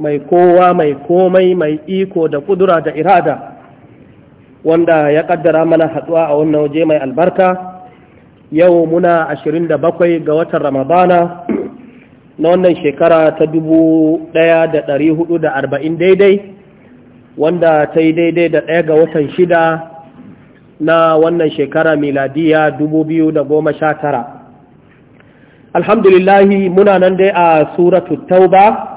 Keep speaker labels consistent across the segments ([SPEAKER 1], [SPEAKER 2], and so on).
[SPEAKER 1] mai kowa mai komai mai iko da kudura da irada wanda ya kaddara mana haduwa a wannan waje mai albarka yau muna 27 ga watan ramadana na wannan shekara ta 1440 daidai wanda ta yi daidai da ɗaya ga watan shida na wannan shekara miladiya 2019 alhamdulillahi muna nan dai a suratu tauba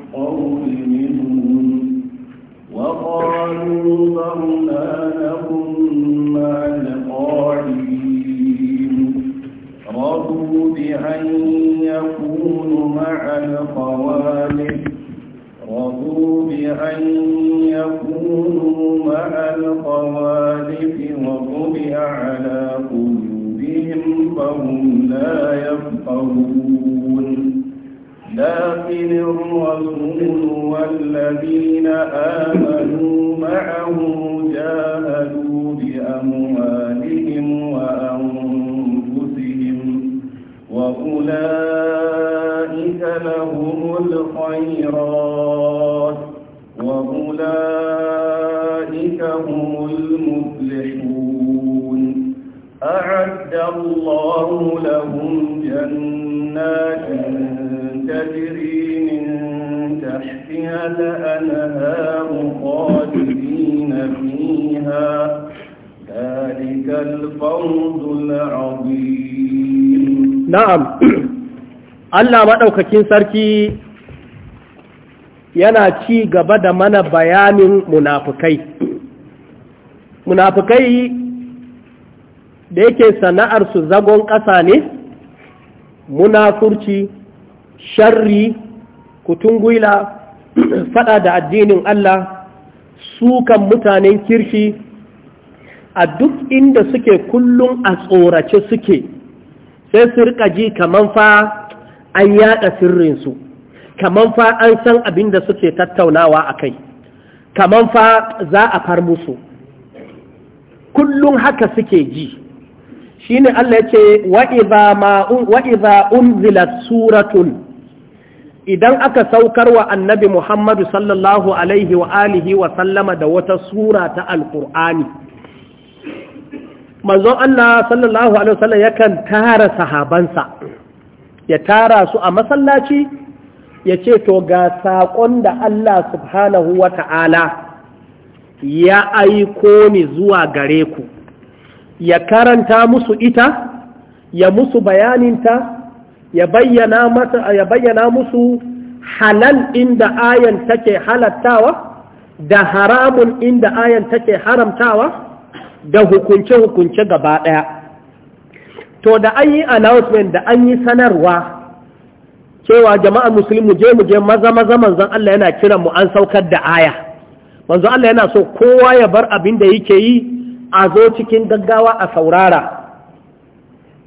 [SPEAKER 2] القول منهم وقالوا ظهرنا لكم مع القاعدين رضوا بأن يكونوا مع الخوالف وطبع على قلوبهم فهم لا يفقهون لكن الرسول والذين آمنوا معه جاهدوا بأموالهم وأنفسهم وأولئك لهم الخيرات وأولئك هم المفلحون أعد الله لهم جنات تجري من تحتها خالدين فيها ذلك العظيم
[SPEAKER 1] نعم Allah maɗaukakin sarki yana ci gaba da mana bayanin munafukai. Munafukai da yake sana'ar su zagon ƙasa ne, munafurci, sharri kutungwila fada da addinin Allah sukan mutanen kirki a duk inda suke kullum a tsorace suke sai su rika ji kaman fa an yada sirrinsu kaman fa an san abin da suke tattaunawa a kai kaman fa za a far musu kullum haka suke ji shine Allah yace wa'iza idza unzilat suratun idan aka saukar wa annabi Muhammadu sallallahu alaihi wa alihi wa sallama da wata sura ta Alƙur'ani, manzon Allah sallallahu alaihi wasallam yakan tara sahabansa ya tara su a masallaci ya ce to ga saƙon da Allah subhanahu wa ta'ala ya aiko ni zuwa gare ku ya karanta musu ita ya musu bayaninta ya bayyana mata ya bayyana musu halal inda ayan take halattawa da haramun inda ayan take haramtawa da hukunce-hukunce gaba ɗaya to da an yi announcement da an yi sanarwa cewa jama'a musulmi muje je mu je maza maza manzon Allah yana kiran mu an saukar da aya manzon Allah yana so kowa ya bar abin da yake yi a zo cikin gaggawa a saurara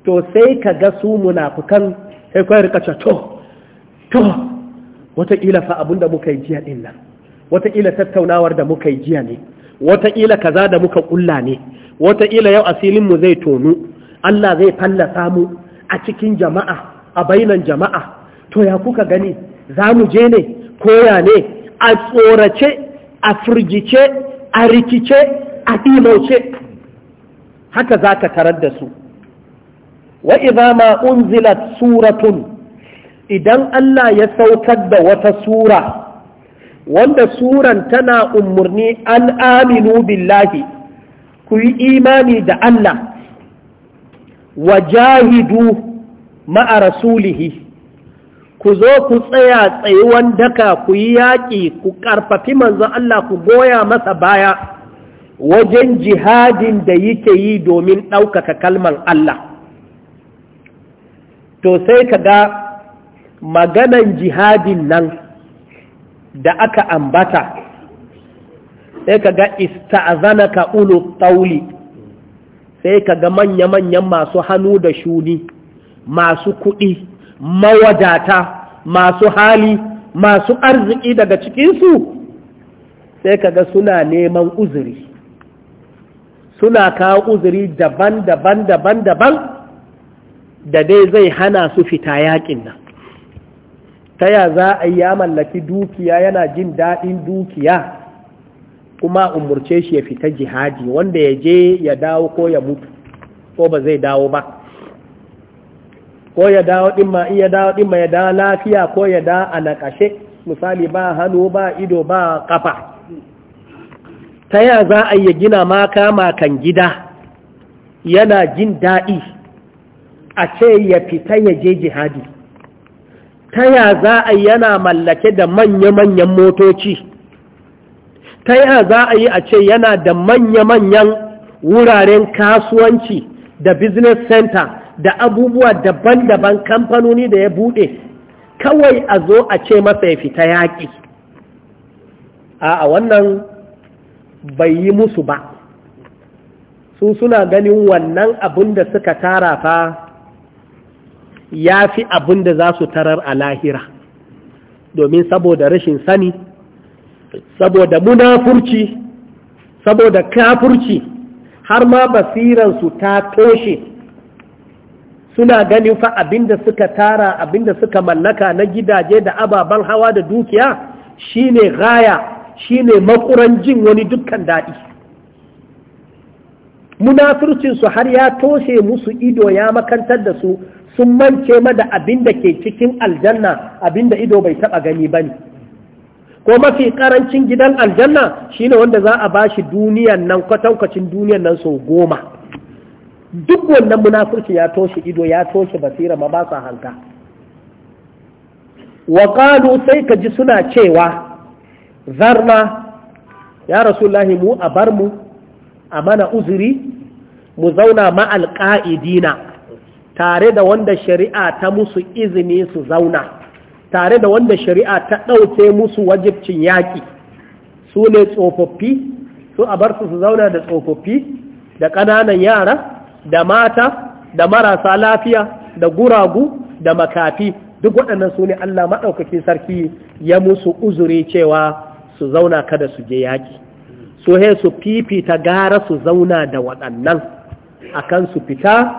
[SPEAKER 1] to sai ka ga su munafukan sai kawai rika to to wataƙila fa abin da muka yi jiya ɗin nan wataƙila tattaunawar da muka yi jiya ne wataƙila kaza da muka ƙulla ne wataƙila yau asilinmu zai tonu Allah zai fallasa mu a cikin jama'a a bainan jama'a to ya kuka gani za mu je ne koya ne a tsorace a firgice a rikice a imauce haka za ka tarar da su wa ma unzilat suratun idan Allah ya saukar da wata sura wanda suran tana umarni an aminu billahi ku yi imani da Allah wa jahidu ma'a rasulihi ku zo ku tsaya tsayuwan daka ku yi yaƙi ku ƙarfafi manzon Allah ku goya masa baya wajen jihadin da yake yi domin ɗaukaka kalman Allah to sai ka ga maganan jihadin nan da aka ambata sai ka ga ka ulu tauli sai ka ga manya-manyan masu hannu da shuni masu kuɗi mawadata masu hali masu arziki daga cikinsu sai ka ga suna neman uzuri suna kawo uzuri daban-daban daban-daban da dai zai hana su fita yakin nan ta ya za a yi ya mallaki dukiya yana jin daɗin dukiya kuma umurce shi ya fita jihadi wanda ya je ya dawo ko ya mutu ko ba zai dawo ba ko ya dawo ɗin ma iya dawo ɗin ma ya dawo lafiya ko ya dawo a naƙashe misali ba hannu ba ido ba ƙafa ta ya za a yi gina maka makan gida yana jin daɗi a ce ya fita ya je jihadi ta ya za a yana mallake da manya-manyan motoci ta ya za a yi a ce yana da manya-manyan wuraren kasuwanci da business center da abubuwa daban-daban kamfanoni da ya buɗe kawai a zo a ce masa ya fita yaƙi a wannan bai yi musu ba su suna ganin wannan abin da suka tara fa ya fi abin da za su tarar a lahira domin saboda rashin sani saboda munafurci saboda kafurci har ma basiransu ta toshe suna ganin fa abinda suka tara abinda suka mallaka na gidaje da ababen hawa da dukiya shine gaya Shi ne makuran jin wani dukkan daɗi su har ya toshe musu ido ya makantar da su sun mance mada abin da ke cikin aljanna abin da ido bai taɓa gani ba ne ko mafi ƙarancin gidan aljanna shine wanda za a bashi duniyan nan kwatankwacin duniyan nan sau goma duk wannan munafurci ya toshe ido ya toshe basira ma ba su hanka
[SPEAKER 2] wa sai
[SPEAKER 1] ka ji suna cewa zarna ya rasulullahi mu a bar mu a mana uzuri mu zauna ma'al ƙa'idina tare da wanda shari'a ta musu izini su zauna tare da wanda shari'a ta ɗauke musu wajibcin yaƙi su ne tsofaffi su a bar su su zauna da tsofaffi da ƙananan yara da mata da marasa lafiya da guragu da makafi duk waɗannan su ne Allah maɗaukakin sarki ya musu uzuri cewa su zauna kada su je yaƙi su he su fifita gara su zauna da waɗannan akan su fita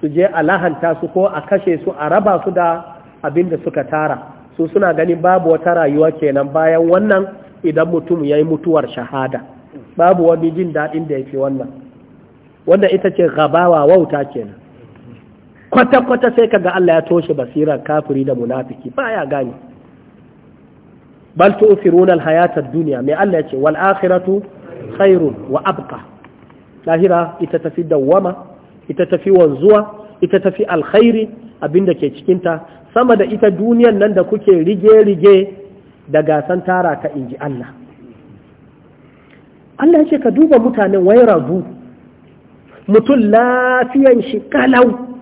[SPEAKER 1] su je a lahanta su ko a kashe su a raba su da abin da suka tara su suna ganin babu wata rayuwa kenan bayan wannan idan mutum ya yi mutuwar shahada babu wani jin daɗin da ya fi wannan wanda ita ce gabawa wauta kenan kwata-kwata sai kaga Allah ya toshe basirar kafiri da munafiki baya gani bal tu'thiruna al-hayata ad-dunya mai Allah yace wal akhiratu khairun wa abqa lahira ita tafi dawama ita tafi wanzuwa ita tafi alkhairi abinda ke cikinta sama da ita duniyan nan da kuke rige-rige da gasan tara ta inji Allah Allah yace ka duba mutanen wai rabu mutum lafiyan shi kalau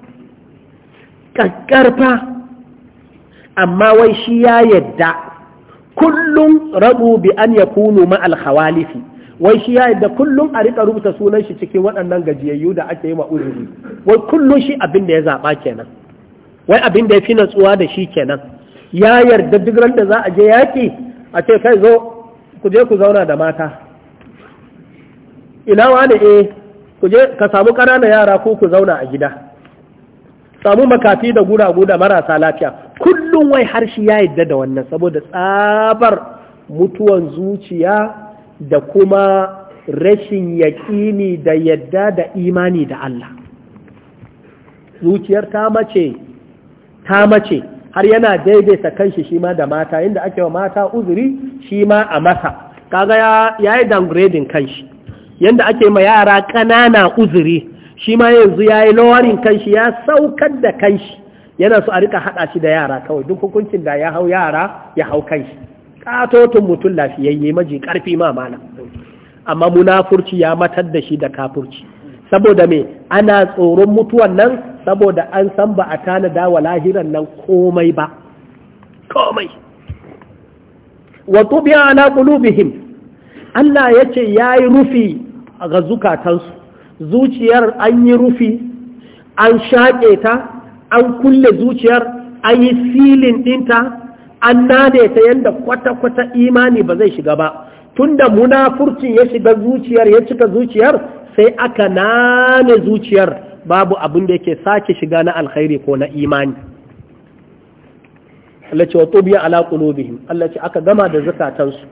[SPEAKER 1] kakkarfa amma wai shi ya yadda kullum rabu bi an yakunu ma'al khawalifi wai shi ya yadda kullum a rika rubuta sunan shi cikin waɗannan gajiyayyu da ake yi wa uzuri wai kullum shi abin da ya zaɓa kenan wai abin da ya fi natsuwa da shi kenan ya yarda duk da za a je yaƙi a ce kai zo ku je ku zauna da mata ina wani eh ku je ka samu ƙananan yara ko ku zauna a gida samu makafi da guragu da marasa lafiya kullum wai har shi ya yadda da wannan saboda tsabar mutuwan zuciya da kuma rashin yaƙini da yadda da imani da Allah zuciyar ta mace ta mace har yana daidaita kanshi shi ma da mata inda ake wa mata uzuri shi ma a masa kaga ya yi downgrading kanshi yadda ake ma yara ƙanana uzuri shi ma yanzu ya yi lawarin kanshi ya saukar da kanshi yana so a rika haɗa shi da yara kawai duk hukuncin da ya hau yara ya hau kanshi Ƙatotun mutum lafiyayye maji ƙarfi ma mana amma munafurci ya matar da shi da kafurci saboda me ana tsoron mutuwan nan saboda an san ba a tanada wa lahiran nan komai ba komai wa biya ala qulubihim Allah yace yayi rufi ga zukatansu zuciyar an yi rufi an shaƙe ta an kulle zuciyar an yi filin ɗinta an nade ta yadda kwata-kwata imani ba zai shiga ba tunda munafurcin ya shiga zuciyar ya cika zuciyar sai aka nane zuciyar babu abin da yake sake shiga na alkhairi ko na imani Allah ce wa tobiya ala qulubihim Allah ce aka gama da zukatansu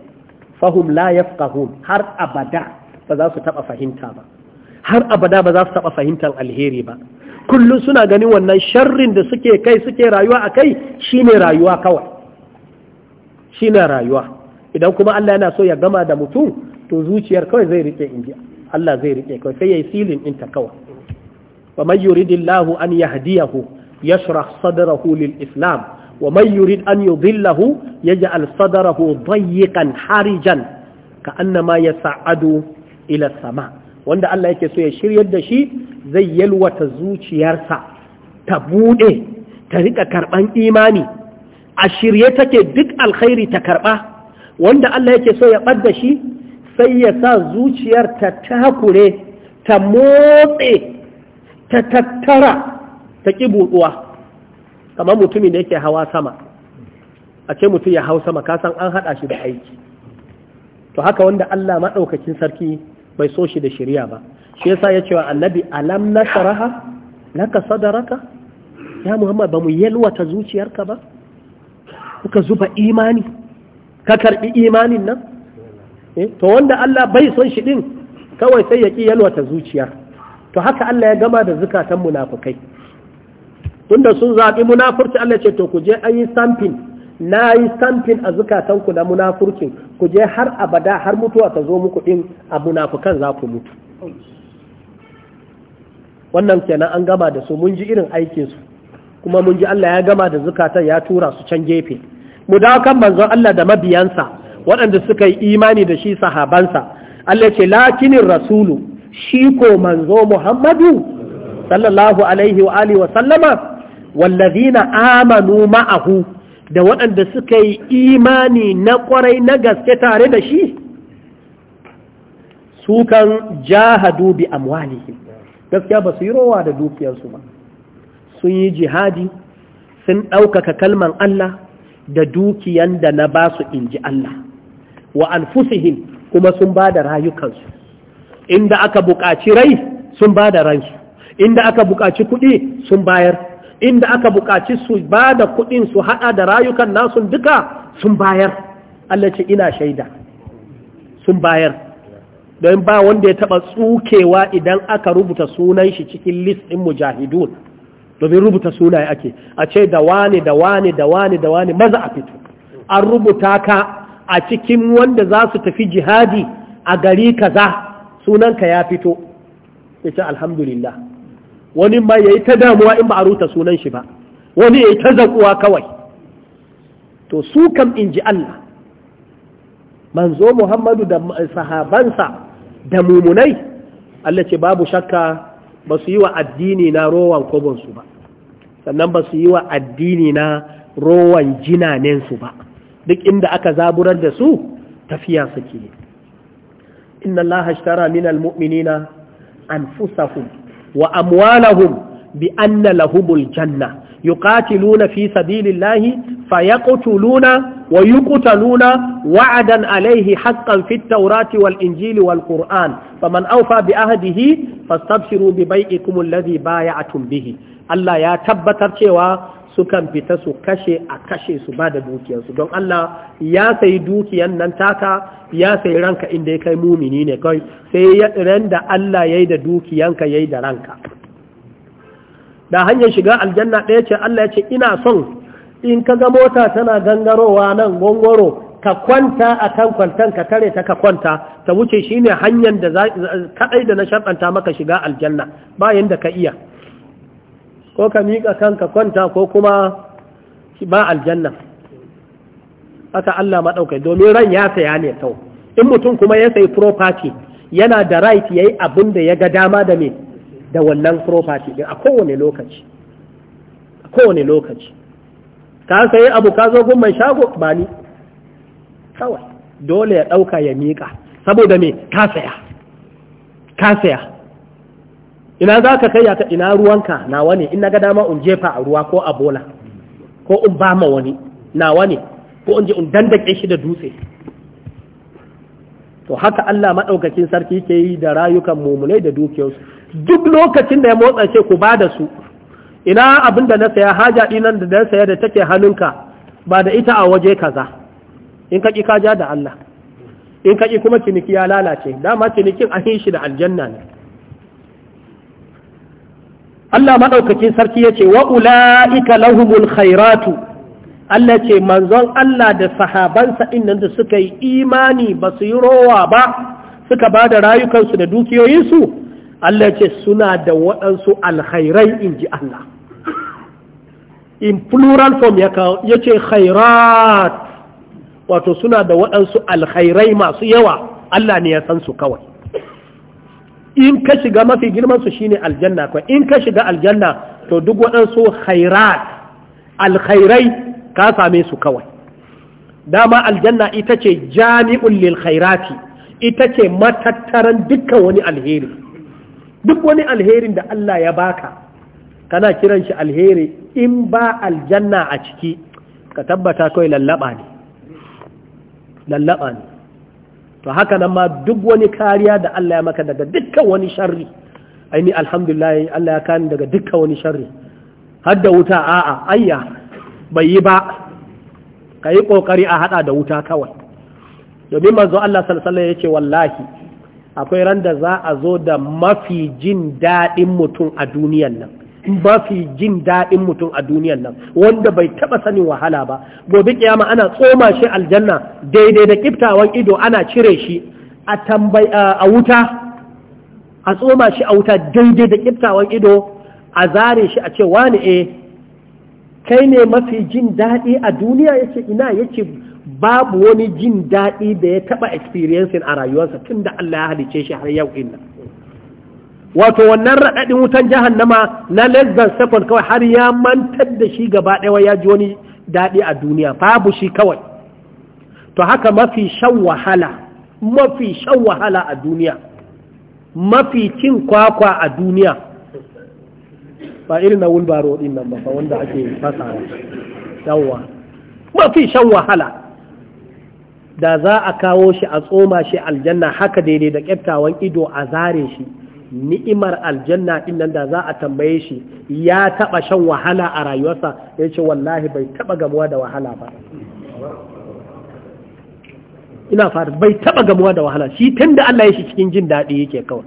[SPEAKER 1] fahum la yafqahun har abada ba za su taba fahimta ba har abada ba za su taɓa fahimtar alheri ba kullum suna ganin wannan sharrin da suke kai suke rayuwa a kai shine rayuwa kawai shine rayuwa idan kuma Allah yana so ya gama da mutum to zuciyar kawai zai rike inji Allah zai rike kawai sai yayi silin ta kawai wa man yuridillahu an yahdiyahu yashrah sadrahu lil islam wa man yurid an yudhillahu yaj'al sadrahu dayyiqan harijan ka annama yas'adu ila sama' wanda Allah yake so ya shiryar da shi zai yalwata zuciyarsa ta buɗe ta riƙa karɓan imani a shirye take duk alkhairi ta karɓa wanda Allah yake so ya ɓadda shi sai ya sa zuciyar ta takure ta motse ta tattara ta ƙi kamar mutumin da yake hawa sama a ce mutum ya hau sama kasan an haɗa shi da aiki to haka wanda Allah maɗaukacin sarki bai so shi da shirya ba shi yasa ya cewa annabi alam nasaraha laka sadaraka ya muhammad ba mu yalwata zuciyarka ba kuka zuba imani ka karbi imanin nan eh, to wanda Allah bai son shi din kawai sai ya ki yalwata zuciya to haka Allah ya gama da zukatan munafukai tunda sun zaɓi munafurci Allah ce to ku je an yi stamping na yi stamping a zukatanku na munafurkin, ku je har abada har mutuwa ta zo muku ɗin, a munafukan za ku mutu wannan kenan an gama da su mun ji irin aikinsu kuma mun ji Allah ya gama da zukatan ya tura su can gefe mu dawo kan manzon Allah da mabiyansa waɗanda suka yi imani da shi sahabansa Allah ce lakinin rasulu shi ko manzo Muhammadu sallallahu alaihi wa alihi wa sallama wallazina amanu ma'ahu da waɗanda suka yi imani na ƙwarai na gaske tare da shi su kan jahadu bi gaskiya ba su yi rowa da dukiyarsu ba sun yi jihadi sun ɗaukaka kalman Allah da dukiyan da na ba su inji Allah wa anfusihim kuma sun ba da rayukansu inda aka buƙaci rai sun ba da ransu inda aka buƙaci kuɗi sun bayar inda aka buƙaci su ba da kuɗin su haɗa da rayukan nasu duka sun bayar Allah ce ina shaida sun bayar don ba wanda ya taɓa tsukewa idan aka rubuta sunan shi cikin listin ɗin mujahidun domin rubuta sunaye ake a ce da wane da wane da wane da wane maza a fito an rubuta ka a cikin wanda za su tafi jihadi a gari kaza sunanka ya fito ya ce alhamdulillah wani ma yayi ta damuwa in ba a ruta sunan shi ba wani yayi ta uwa kawai to su kam in ji Allah manzo Muhammadu da sahabansa da mumunai Allah ce babu shakka ba su yi wa addini na rowan kobonsu ba sannan ba su yi wa addini na rowan jinanensu ba duk inda aka zaburar da su tafiya suke inna Allah ashtara minal mu'minina anfusahum wa amwalahum bi anna lahumul janna yuqatiluna fi sabilillahi fayaqtuluna wa yuqtaluna wa'adan alayhi haqqan fit tawrati wal injili wal qur'an faman awfa bi ahdihi fastabshiru bi bai'ikum alladhi bay'atum bihi Allah ya tabbatar cewa sukan fita su kashe a kashe su ba da dukiyarsu don Allah ya sayi dukiyan nan taka ya sayi ranka inda ya kai mumini ne kai sai ya ran da Allah ya yi da dukiyanka ya yi da ranka da hanyar shiga aljanna ɗaya ce Allah ya ce ina son in ka ga mota tana gangarowa nan gongoro ka kwanta a kan kwantan ka tare ta ka kwanta ta wuce shine hanyar da kaɗai da na sharɗanta maka shiga aljanna bayan da ka iya ko ka miƙa kanka kwanta ko kuma ba aljanna aka Allah maɗaukai domin ran ya saya ne tau in mutum kuma ya sayi property yana da right ya yi abin da ya ga dama da me da wannan property din a kowane lokaci a kowane lokaci ka sayi abu ka zo gun mai shago ba ni kawai dole ya ɗauka ya miƙa saboda me ka saya ka saya ina za ka kai ka ina ruwanka nawa ne in na ga dama in jefa a ruwa ko a bola ko in ba ma wani nawa ne ko in je in dandake shi da dutse to haka Allah maɗaukakin sarki ke yi da rayukan mummunai da dukiyarsu duk lokacin da ya motsa ce ku ba da su ina abin da na saya haja dinan da na saya da take hannunka ba da ita a waje kaza in ka ki ka ja da Allah in ka ki kuma ciniki ya lalace dama cinikin an yi shi da aljanna ne Allah maɗaukakin sarki ya ce wa ula'ika lahumul khairatu Allah ce manzon Allah da sahabansa innan da suka yi imani ba su yi rowa ba suka ba da rayukansu da dukiyoyinsu Allah ce suna da waɗansu alkhairai in ji Allah in plural form ya ce khairat wato suna da waɗansu alkhairai masu yawa Allah ne ya san su kawai in ka shiga mafi girman su shine aljanna ko in ka shiga aljanna to duk waɗansu khairat alkhairai ka same su kawai dama aljanna ita ce jami'un lil khairati ita ce matattaran dukkan wani alheri duk wani alherin da Allah ya baka kana kiran shi alheri in ba aljanna a ciki ka tabbata kawai lallaba ne lallaba ne to haka nan ma duk wani kariya da Allah ya maka daga dukkan wani sharri aini alhamdulillah Allah ya kani daga dukkan wani sharri har da wuta a'a ayya bai yi ba ka yi kokari a hada da wuta kawai domin manzo Allah sallallahu alaihi wasallam yace wallahi akwai randa za a zo da mafi jin daɗin mutum a duniyan nan mafi jin daɗin mutum a duniyan nan wanda bai taɓa sanin wahala ba gobe kiyama ana tsoma shi aljanna daidai da kiftawan ido ana cire shi a tambay a wuta a tsoma shi a wuta daidai da kiftawan ido a zare shi a ce wani e eh, kai ne mafi jin daɗi a duniya yace ina yace babu wani jin daɗi da ya taɓa experiencing a rayuwarsa tunda Allah ya halice shi har yau inna wato wannan raɗaɗin wutan jahannama na less than second kawai har ya mantar da shi gaba ɗaya ya ji wani daɗi a duniya babu shi kawai to haka mafi shan wahala mafi shan wahala a duniya mafi cin kwakwa a duniya ba irin na wulbaro ɗin nan ba wanda ake fasa yawwa mafi shan wahala da za a kawo shi a tsoma shi aljanna haka daidai da kyaftawan ido a zare shi ni'imar aljanna din nan da za a tambaye shi ya taba shan wahala a rayuwarsa ya ce wallahi bai taba gamuwa da wahala ba ina fara bai taba gamuwa da wahala shi tun da Allah ya shi cikin jin daɗi yake kawai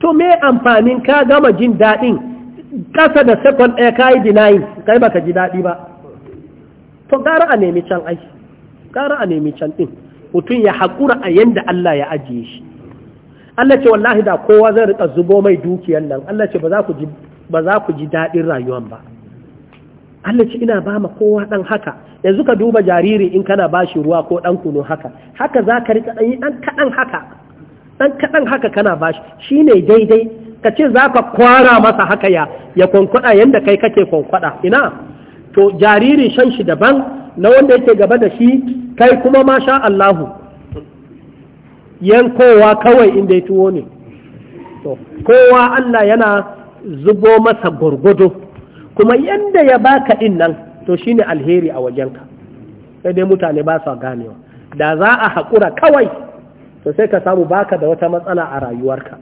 [SPEAKER 1] to me amfanin ka gama jin daɗin ƙasa da second ɗaya ka yi denying kai baka ji daɗi ba to gara a nemi can ai gara a nemi can ɗin mutum ya haƙura a yanda Allah ya ajiye shi Allah ce wallahi da kowa zai rika zubo mai dukiyar nan Allah ce ba za ku ji daɗin rayuwan ba Allah ce ina ba ma kowa ɗan haka yanzu ka duba jariri in kana ba shi ruwa ko ɗan kunu haka haka za ka rika ɗan ɗan kaɗan haka ɗan kaɗan haka kana ba shi shi ne daidai ka ce za ka kwara masa haka ya ya kwankwaɗa yadda kai kake kwankwaɗa ina to jariri shan shi daban na wanda yake gaba da shi kai kuma masha Allahu yankowa kawai inda ya tuwo ne to kowa Allah yana zubo masa gurgudu kuma yanda ya baka din nan to shine alheri a wajenka sai dai mutane ba su ganewa da za a haƙura kawai to sai ka samu baka da wata matsala a rayuwarka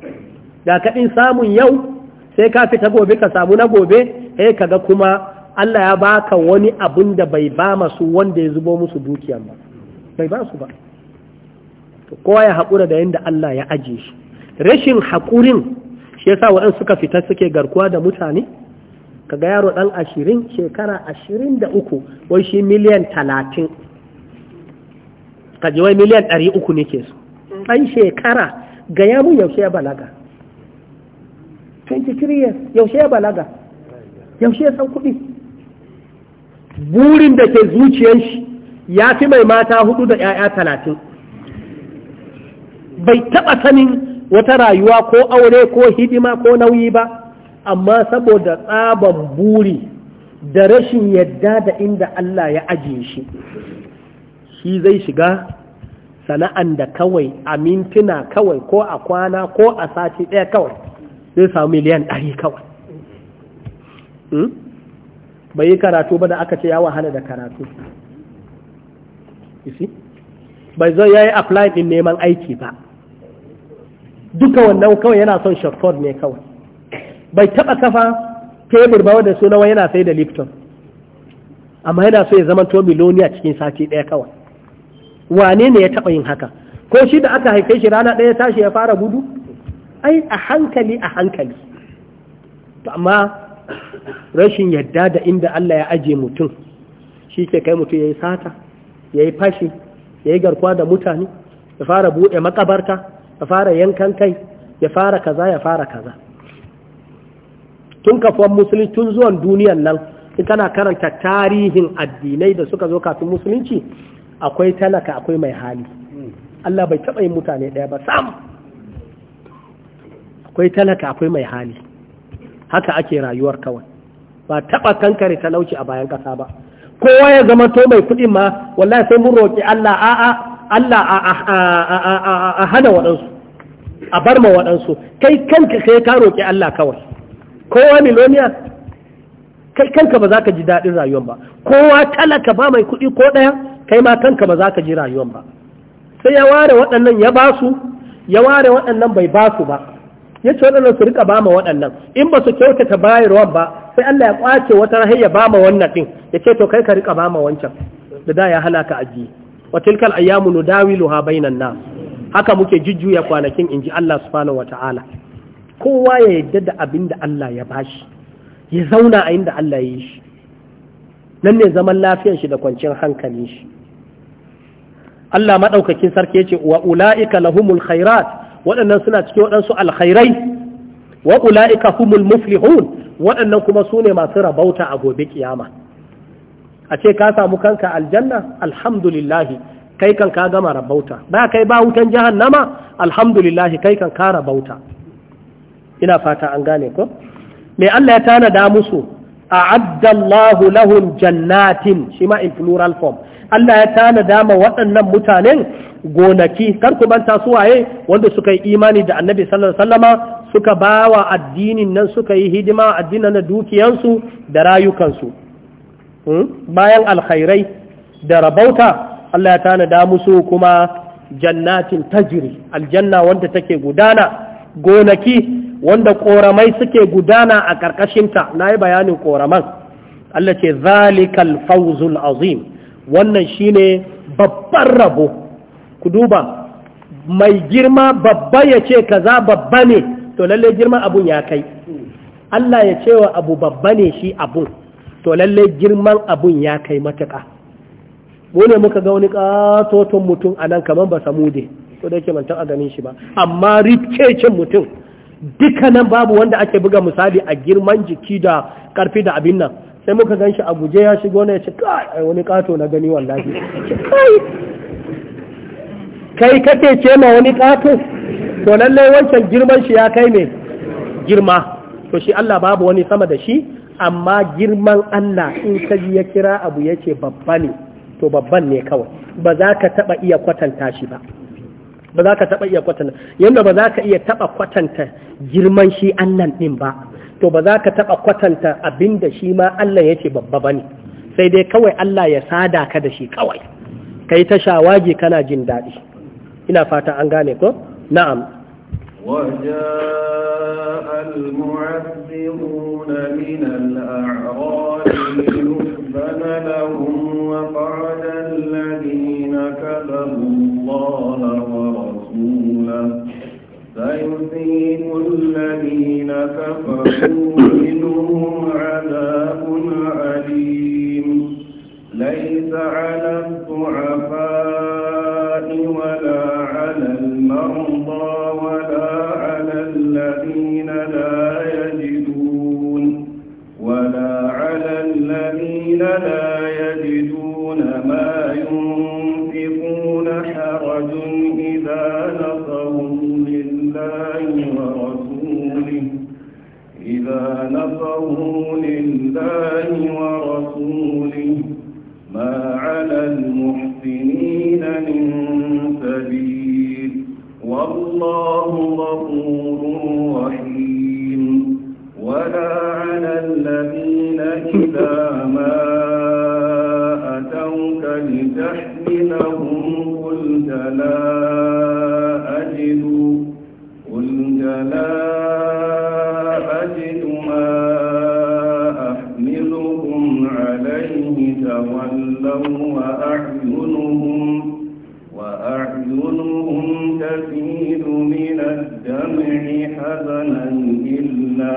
[SPEAKER 1] da kaɗin samun yau sai ka fita gobe ka samu na gobe sai ka ga kuma Allah ya baka wani abun da bai ba masu wanda ya zubo musu dukiyar ba bai ba su ba kowa ya haƙura da yadda Allah ya aje shi rashin haƙurin shi yasa waɗansu suka fita suke garkuwa da mutane kaga yaro ɗan ashirin shekara ashirin da uku wai shi miliyan talatin kaji wai miliyan ɗari uku ne ke su ɗan shekara ga yamu mun yaushe ya balaga 23 years yaushe ya balaga yaushe ya san kuɗi
[SPEAKER 2] burin da ke zuciyar shi
[SPEAKER 1] ya fi mai mata hudu da 'ya'ya talatin bai taɓa sanin wata rayuwa ko aure ko hidima ko nauyi ba amma saboda tsaban buri da rashin yadda da inda Allah ya ajiye shi shi zai shiga sana'an da kawai a mintuna kawai ko a kwana ko a sati ɗaya kawai zai samu miliyan ɗari kawai hmm? bai yi karatu ba da aka ce ya wahala da karatu bai zai ya yi apply ɗin neman aiki ba duka wannan kawai yana son shortcut ne kawai bai taba kafa tebur ba wanda suna wani yana sai da lipton amma yana so ya zama to miloniya cikin sati ɗaya kawai wane ne ya taba yin haka ko shi da aka haife shi rana ɗaya tashi ya fara gudu ai a hankali a hankali to amma rashin yadda da inda Allah ya aje mutum shi ke kai mutum ya yi sata ya yi fashi ya yi garkuwa da mutane ya fara buɗe makabarta ya fara yankan kai ya fara kaza ya fara kaza tun kafuwan musulunci tun zuwan duniyan nan in kana karanta tarihin addinai da suka zo kafin musulunci akwai talaka akwai mai hali Allah bai taɓa yin mutane ɗaya ba sam akwai talaka akwai mai hali haka ake rayuwar kawai ba taɓa kankare talauci a bayan ƙasa ba kowa ya zama to mai kuɗi ma wallahi sai mun roƙi Allah a'a Allah a hana waɗansu a bar ma waɗansu kai kanka sai ka roƙi Allah kawai kowa miloniya kai kanka ba za ka ji daɗin rayuwan ba kowa talaka ba mai kuɗi ko ɗaya kai ma kanka ba za ka ji rayuwan ba sai ya ware waɗannan ya ba su ya ware waɗannan bai ba su ba ya ce waɗannan su rika ba ma waɗannan in ba su kyautata bayarwan ba sai Allah ya ƙwace wata rahayya ba ma wannan ɗin ya ce to kai ka rika ba ma wancan da da ya hana ka ajiye wa tilkal ayyamu nudawiluha bainan nas haka muke jujjuya kwanakin inji Allah subhanahu wata'ala kowa ya yadda da abin da Allah ya bashi ya zauna a inda Allah ya yi shi nan ne zaman lafiyar shi da kwanciyar hankali shi Allah maɗaukakin sarki yace wa ula'ika lahumul khairat waɗannan suna cikin waɗansu alkhairai wa ula'ika humul muflihun waɗannan kuma su ne masu rabauta a gobe kiyama a ce ka samu kanka aljanna alhamdulillahi kai kan ka gama rabauta ba kai ba wutan jahannama alhamdulillahi kai kan ka rabauta ina fata an gane ko me Allah ya tanada musu a addallahu lahum jannatin shi ma in plural form Allah ya tanada ma waɗannan mutanen gonaki kar ku manta su waye wanda suka yi imani da Annabi sallallahu alaihi wasallama suka bawa addinin nan suka yi hidima addinin na dukiyansu da rayukansu Hmm? bayan alkhairai da rabauta Allah ya tanada musu kuma jannatin tajiri aljanna wanda take gudana gonaki wanda koramai suke gudana a ƙarƙashinta na yi bayanin koraman Allah ce zalikal fawzul azim wannan shine babban rabo ku duba mai girma babba ya ce kaza babba ne to lalle girma abun ya kai Allah ya ce wa abu babba ne shi abun to lalle girman abun ya kai matuƙa mu ne muka ga wani ƙatoton mutum a nan kamar ba samu dai ko da yake mantan a ganin shi ba amma rikecin mutum duka nan babu wanda ake buga misali a girman jiki da karfi da abin nan sai muka gan shi a guje ya shigo na ya ce kai wani ƙato na gani wallahi kai kai kake ce ma wani ƙato? to lallai wancan girman shi ya kai ne girma to shi Allah babu wani sama da shi amma girman Allah in ka ya kira abu ya ce babba ne to babban ne kawai ba za ka taɓa iya kwatanta shi ba ba za ka taɓa iya kwatanta yadda ba za ka iya taɓa kwatanta girman shi Allah ɗin ba to ba za ka taɓa kwatanta abin da shi ma Allah ya ce babba ba ne sai dai kawai Allah ya sada ka da shi kawai ka yi ta shawagi kana jin daɗi ina fata an gane ko na'am
[SPEAKER 2] وجاء المعذبون من الأعراب ليؤذن لهم وقعد الذين كذبوا الله ورسوله سيصيب الذين كفروا منهم عذاب أليم ليس على الضعفاء ولا على المرضى ولا على الذين لا يجدون ولا على الذين لا يجدون ما ينفقون حرج إذا نصروا لله ورسوله إذا نصروا لله ورسوله ما على المحسنين من سبيل والله غفور رحيم ولا على الذين إذا ما أتوك لتحملهم قلت لا أجد قلت لا أجد تولوا وأعينهم وأعينهم تفيد من الدمع حزنا إلا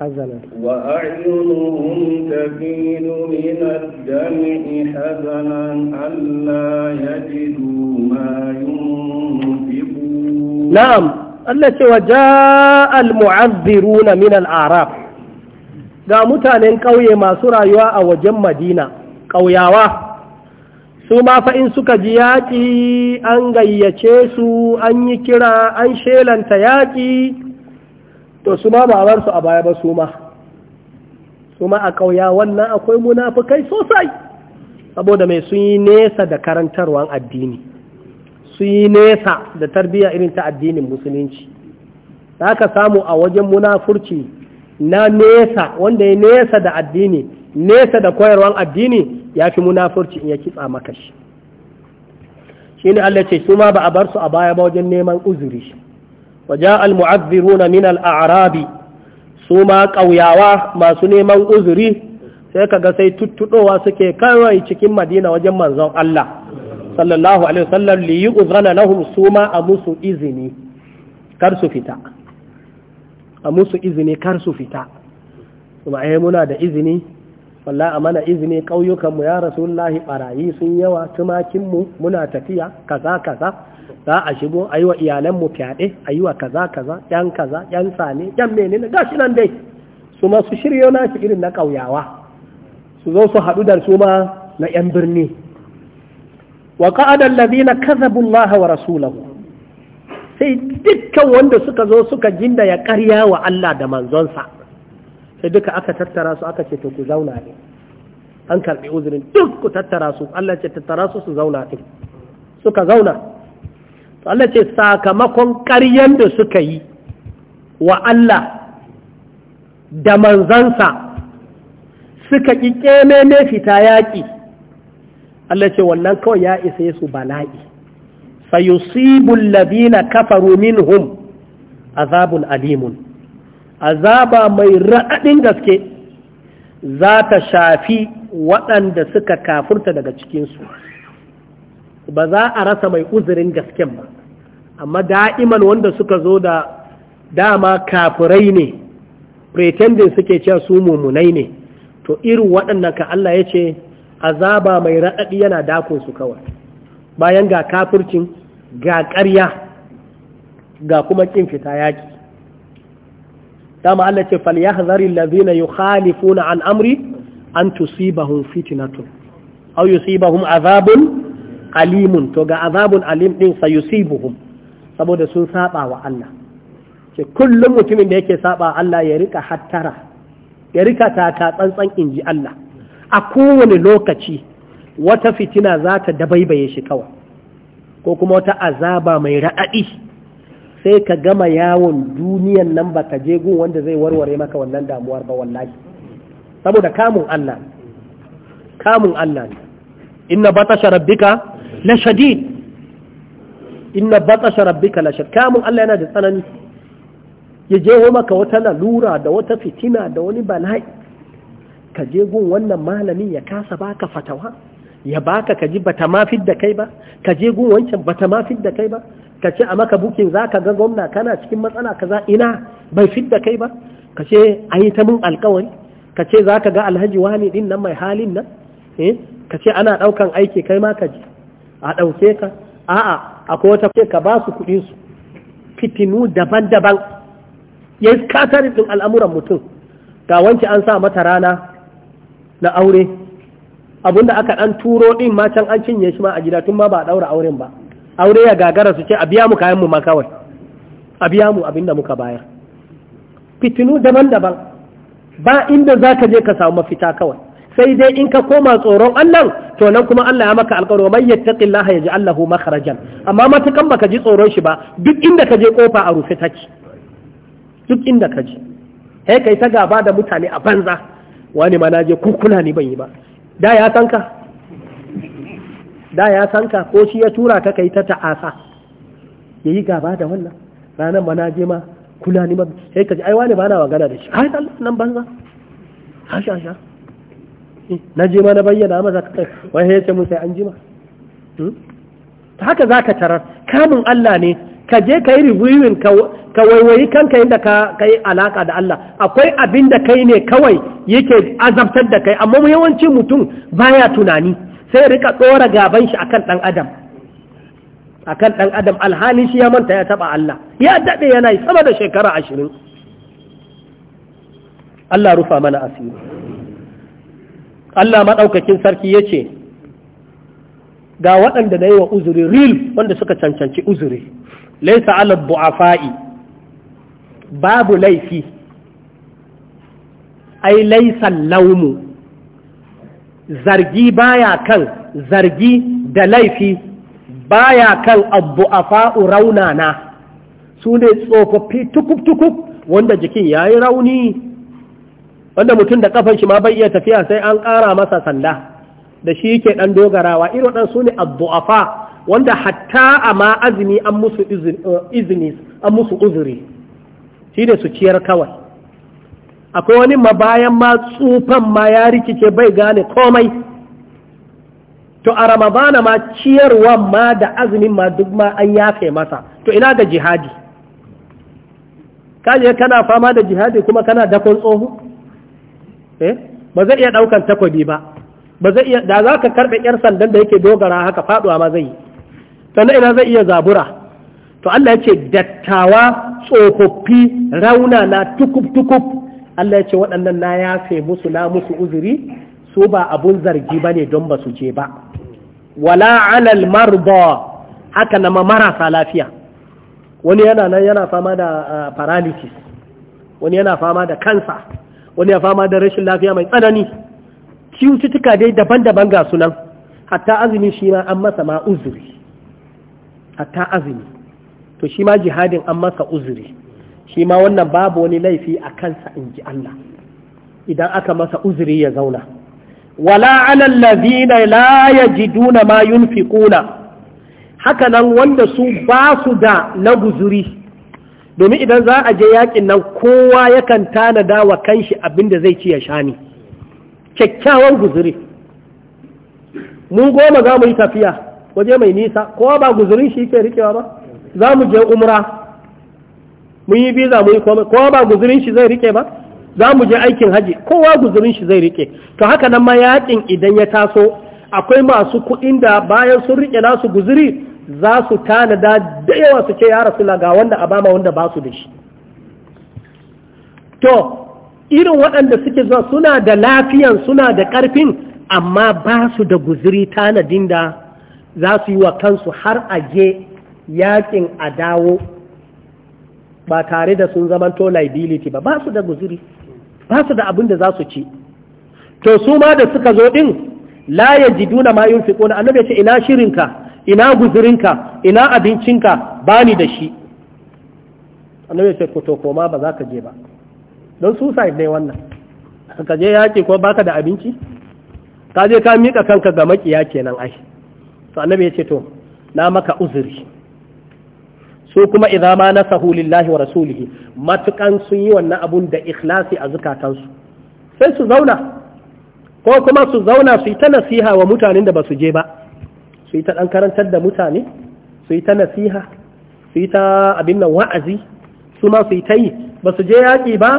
[SPEAKER 2] حزنا وأعينهم تفيد من الدمع حزنا ألا يجدوا ما ينفقون
[SPEAKER 1] نعم التي وجاء المعذرون من الأعراف ga mutanen ƙauye masu rayuwa a wajen madina ƙauyawa su ma fa in suka ji yaƙi an gayyace su an yi kira an shelanta yaƙi to su ma ba su a baya ba su ma su ma a ƙauya wannan akwai munafukai sosai saboda mai sun yi nesa da karantarwar addini sun yi nesa da tarbiyya irin ta addinin musulunci za ka samu a wajen munafurci na nesa wanda ya nesa da addini nesa da koyarwan addini ya fi munafurci in ya kitsa maka shi shine Allah ce su ma ba a bar su a baya ba wajen neman uzuri waja al mu'azziruna min al a'rabi su ma ƙauyawa masu neman uzuri sai ka ga sai tuttuɗowa suke kawai cikin madina wajen manzon Allah sallallahu alaihi wasallam li yu'zana lahum su ma a musu izini kar su fita a musu izini kar su fita ba muna da izini walla a mana izini ƙauyukanmu ya rasulullahi barayi sun yawa tumakinmu muna tafiya kaza kaza za a shigo a yi wa iyalanmu fyaɗe a yi wa kaza kaza yan kaza yan sane yan menene shi nan dai su ma su shirya na shi irin na ƙauyawa su zo su haɗu da su ma na yan birni wa qa'ada alladhina kadhabu wa rasulahu sai dukkan wanda suka zo suka jinda ya karya wa Allah da manzonsa sai duka aka tattara su aka ce to ku zauna ne an karɓi uzurin duk ku tattara su Allah ce tattara su su zauna din suka zauna to Allah ce sakamakon karyan da suka yi wa Allah da manzansa suka ƙi ƙememe fita yaƙi Allah ce wannan kawai ya isa su bala'i فيصيب الذين كفروا منهم عذاب أليم عذاب ميرأة غسكي ذات شافي وأن دسك كافر تدغ تشكينسو بزا أرس مي أزرين غسكي أما دائما وأن دسك زودا داما كافرين pretendin suke cewa su mumunai ne to irin waɗannan ka Allah ya ce azaba mai raɗaɗi yana dakon su kawai bayan ga kafircin ga ƙarya ga kuma ƙin fita yaƙi dama Allah ce fal yahzari na yukhalifuna an amri an tusibahum fitnatun aw yusibahum azabun alimun to ga azabun alim ɗin din sayusibuhum saboda sun saba wa Allah ce kullum mutumin da yake saba Allah ya rika hattara ya rika taka tsantsan inji Allah a kowane lokaci wata fitina za ta dabaibaye shi kawai ko kuma wata azaba mai ra'adi sai ka gama yawon duniyan nan ba ka je gun wanda zai warware maka wannan damuwar ba wallahi saboda kamun Allah kamun Allah inna batasha rabbika la shadid inna batasha rabbika la shadid kamun Allah yana da tsanani ya je maka wata lura da wata fitina da wani bala'i ka je gun wannan malamin ya kasa baka fatawa ya baka kaji bata ma da kai ba ka je gun wancan bata ma da kai ba ka ce a maka bukin za ka ga gwamna kana cikin matsala kaza ina bai da kai ba ka ce a yi ta mun alkawari ka ce za ka ga alhaji wani din nan mai halin nan eh, ka ce ana ɗaukan aiki kai ma ka ji. a ɗauke ka a'a akwai wata ka ba su kuɗin su fitinu daban-daban ya yi katarin ɗin al'amuran mutum ga wanke an sa mata rana na aure da aka ɗan turo ɗin ma can an cinye shi ma a gida tun ma ba a daura auren ba aure ya gagara su ce a biya mu kayan mu ma kawai a biya mu abinda muka bayar fitinu daban-daban ba inda za ka je ka samu mafita kawai sai dai in ka koma tsoron Allah to nan kuma Allah ya maka alƙawari ya yattaqillaha yaj'al lahu makarajan. amma matukan baka ji tsoron shi ba duk inda ka je kofa a rufe take duk inda ka je kai ta gaba da mutane a banza wani ma na je kukuna ni ban yi ba da ya san ka da ya san ka ko shi ya tura ka kai ta ta'asa ya yi gaba da wannan ranar na je ma kula ni ma sai ka ji ai wani ba na magana da shi ai Allah nan banza ha sha sha eh, na je ma na bayyana masa kai wai sai mu sai an jima hmm? ta haka zaka tarar kamun Allah ne ka je ka yi reviewing ka waiwayi kanka inda ka yi alaka da Allah akwai abin da kai ne kawai yake azabtar da kai amma yawanci mutum baya tunani sai rika tsora gaban shi akan dan adam akan dan adam alhali shi ya manta ya taba Allah ya dade yana yi sama da shekara ashirin Allah rufa mana asiri Allah maɗaukakin sarki ya ce ga waɗanda na yi wa uzuri real wanda suka cancanci uzuri laisa ala du'afa'i babu laifi ai laisa laumu zargi baya kan zargi da laifi baya kan abdu'afa'u raunana su ne tsofaffi tukuk tukuk wanda jikin ya yi rauni wanda mutum da kafan shi ma bai iya tafiya sai an ƙara masa sanda da shi yake ɗan dogarawa irin waɗansu ne abdu'afa wanda hatta a ma azumi an musu uh, izini an musu uzuri shi ne su ciyar kawai akwai wani ma bayan ma tsufan ma ya rikice bai gane komai to a ramadana ma ciyarwa ma da azumin ma duk ma an yafe masa to ina da jihadi kaje kana fama da jihadi kuma kana dakon tsohu? eh ba zai iya daukan takobi ba ba zai iya da zaka karbe 'yar sandan da yake dogara haka faduwa ma zai yi sannan ina zai iya zabura to Allah ya ce dattawa tsofaffi rauna na tukub-tukub Allah ya ce waɗannan na yafe musu na musu uzuri su ba abun zargi ba ne don ba su je ba wala alal marba haka na marasa lafiya wani yana nan yana fama da paralysis wani yana fama da kansa wani ya fama da rashin lafiya mai tsanani cututtuka dai daban-daban ga sunan hatta azumi shi ma an masa ma uzuri hatta azumi to shi ma jihadin an masa uzuri shi ma wannan babu wani laifi a kansa in ji Allah idan aka masa uzuri ya zauna wala alal ladina la yajiduna ma yunfiquna haka nan wanda su ba su da na guzuri domin idan za a je yakin nan kowa yakan tanada wa kanshi abinda zai ci ya sha ni. kyakkyawan guzuri mun goma za mu yi tafiya waje mai nisa kowa ba guzurin shi ke rikewa ba za mu je umra mun yi biza mun yi komai ba guzurin shi zai rike ba za mu je aikin haji kowa guzurin shi zai rike to haka nan ma yakin idan ya taso akwai masu kuɗin da bayan sun rike nasu guzuri za su tanada da yawa su ce ya rasula ga wanda a bama wanda ba su da shi to irin waɗanda suke zuwa suna da lafiyan suna da ƙarfin amma ba su da guzuri tanadin da za su yi wa kansu har a je yakin a dawo ba tare da sun zama to liability ba ba su da guziri ba su da abin da za su ci to su ma da suka zo din la duna ma yunfiquna annabi ya ce ina shirinka ina guzirinka ina abincinka bani da shi annabi ya ce ku to koma ba za ka je ba don su sai ne wannan ka je yaki ko baka da abinci ka je ka miƙa kanka ga makiya kenan ai to annabi ya ce to na maka uzuri su kuma idza ma nasahu wa rasulihi matukan sun yi wannan abun da ikhlasi a zukatansu sai su zauna ko kuma su zauna su yi ta nasiha wa mutanen da ba su je ba su yi ta dan karantar da mutane su yi ta nasiha su yi ta abin nan wa'azi su ma su yi ta yi ba su je yaƙi ba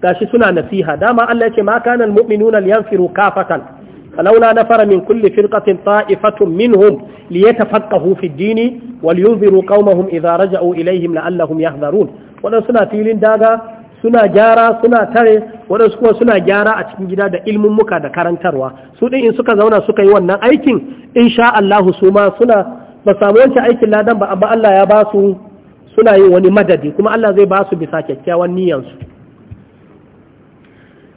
[SPEAKER 1] gashi suna nasiha dama Allah ya ce ma kana almu'minuna liyanfiru kafatan فلولا نفر من كل فرقة طائفة منهم ليتفقهوا في الدين ولينذروا قومهم إذا رجعوا إليهم لعلهم يحذرون ولو سنة فيلين داغا suna gyara suna tare waɗansu kuma suna gyara a cikin gida da ilmin muka da karantarwa su ɗin in suka zauna suka yi wannan aikin insha Allahu su ma suna wancan aikin ladan ba amma Allah ya ba su suna yin wani madadi kuma Allah zai basu bisa kyakkyawan niyansu.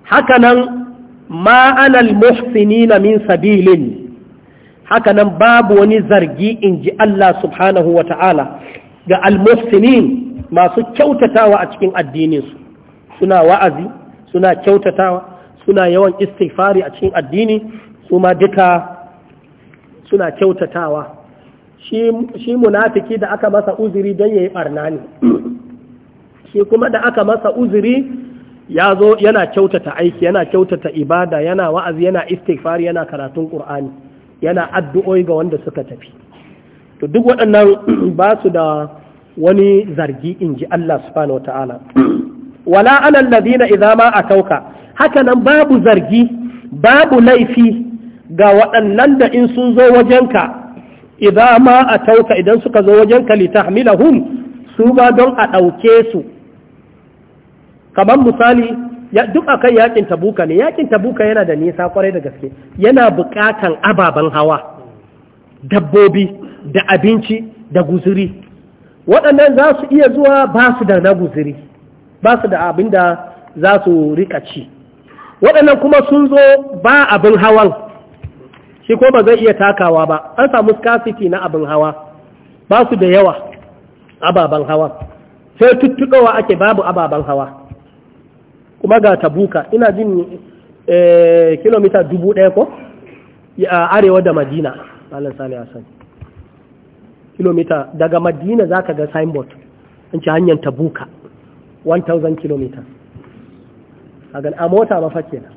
[SPEAKER 1] haka nan ma muhsini muhsinina min sabilin hakanan babu wani zargi in ji Allah subhanahu wa ta'ala ga al-muhsinin masu kyautatawa a cikin addininsu suna wa'azi suna kyautatawa suna yawan istighfari a cikin addini su ma duka suna kyautatawa shi munafiki da aka masa uzuri don ya yi ɓarna ne shi kuma da aka masa uzuri ya zo yana kyautata aiki yana kyautata ibada yana wa'azi yana istighfar yana karatun qur'ani yana addu'o'i ga wanda suka tafi to duk waɗannan ba su da wani zargi in ji Allah subhanahu wa ta'ala wala alal ladina idza ma atauka haka nan babu zargi babu laifi ga waɗannan da in sun zo wajenka idza ma atauka idan suka zo wajenka litahmilahum su ba don a ɗauke su kamar misali duk akan yakin tabuka ne yakin tabuka yana da nisa kwarai da gaske yana bukatan ababen hawa dabbobi da abinci da guziri. waɗannan za su iya zuwa ba su da na guziri ba su da abin da za su rika ci waɗannan kuma sun zo ba abin hawan shi ko ba zai iya takawa ba an samu scarcity na abin hawa ba su da yawa ababen hawa sai tuttuɗowa ake babu ababen hawa kuma ga tabuka ina jin eh, kilomita dubu ɗaya ko a arewa da madina malam sani sani kilomita daga madina za ka ga signboard an ci hanyar tabuka 1000 km a mota mafa kenan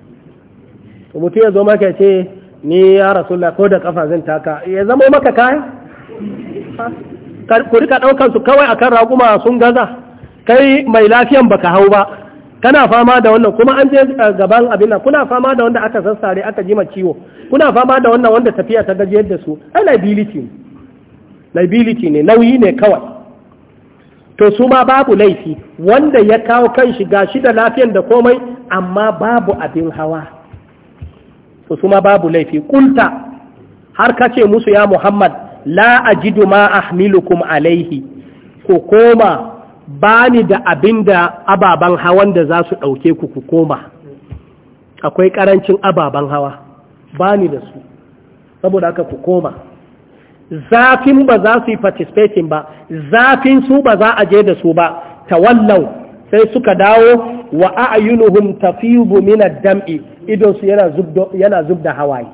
[SPEAKER 1] mutu ya zo maka ce ni ya rasulullah ko da kafa zan taka ya zama maka kayan ku rika ɗaukansu kawai akan raguma sun gaza kai mai lafiyan baka hau ba kana fama da wannan kuma an je eh, gaban abin nan kuna fama da wanda aka sassare aka jima ciwo kuna fama da wannan wanda tafiya ta gajiyar da su ai liability ne liability ne nauyi ne kawai to su ma babu laifi wanda ya kawo kan shi gashi da lafiyan da komai amma babu abin hawa to su ma babu laifi kulta har kace musu ya Muhammad la ajidu ma ahmilukum alaihi ko koma ba ni da abin da ababen hawan da za su ɗauke ku ku koma akwai ƙarancin ababen hawa ba ni da su saboda aka ku koma zafin ba za su yi participating ba zafin su ba za a je da su ba tawallau sai suka dawo wa a'yunuhum tafidu min ad-dam'i idon su yana zub yana hawaye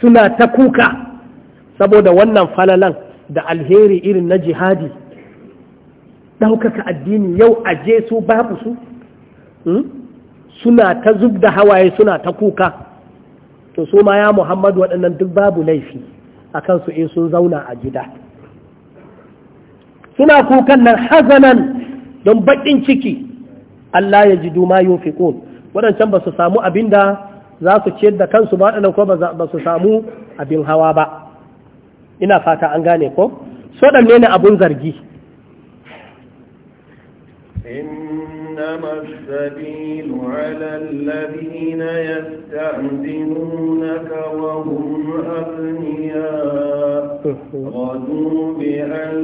[SPEAKER 1] suna ta kuka saboda wannan falalan da alheri irin na jihadi ɗaukaka addini yau a je su babu su hmm? suna ta zub da hawaye suna ta kuka to su ma ya muhammadu waɗannan duk babu laifi a kansu in sun zauna a gida suna kukan nan hazanan don baƙin ciki Allah ya ji duma yin fiƙon waɗancan ba su samu abin da za su ciyar da kansu ba waɗannan ko ba su samu abin hawa ba ina fata an gane ko so ne abun zargi
[SPEAKER 2] إنما السبيل على الذين يستأذنونك وهم أغنياء رضوا بأن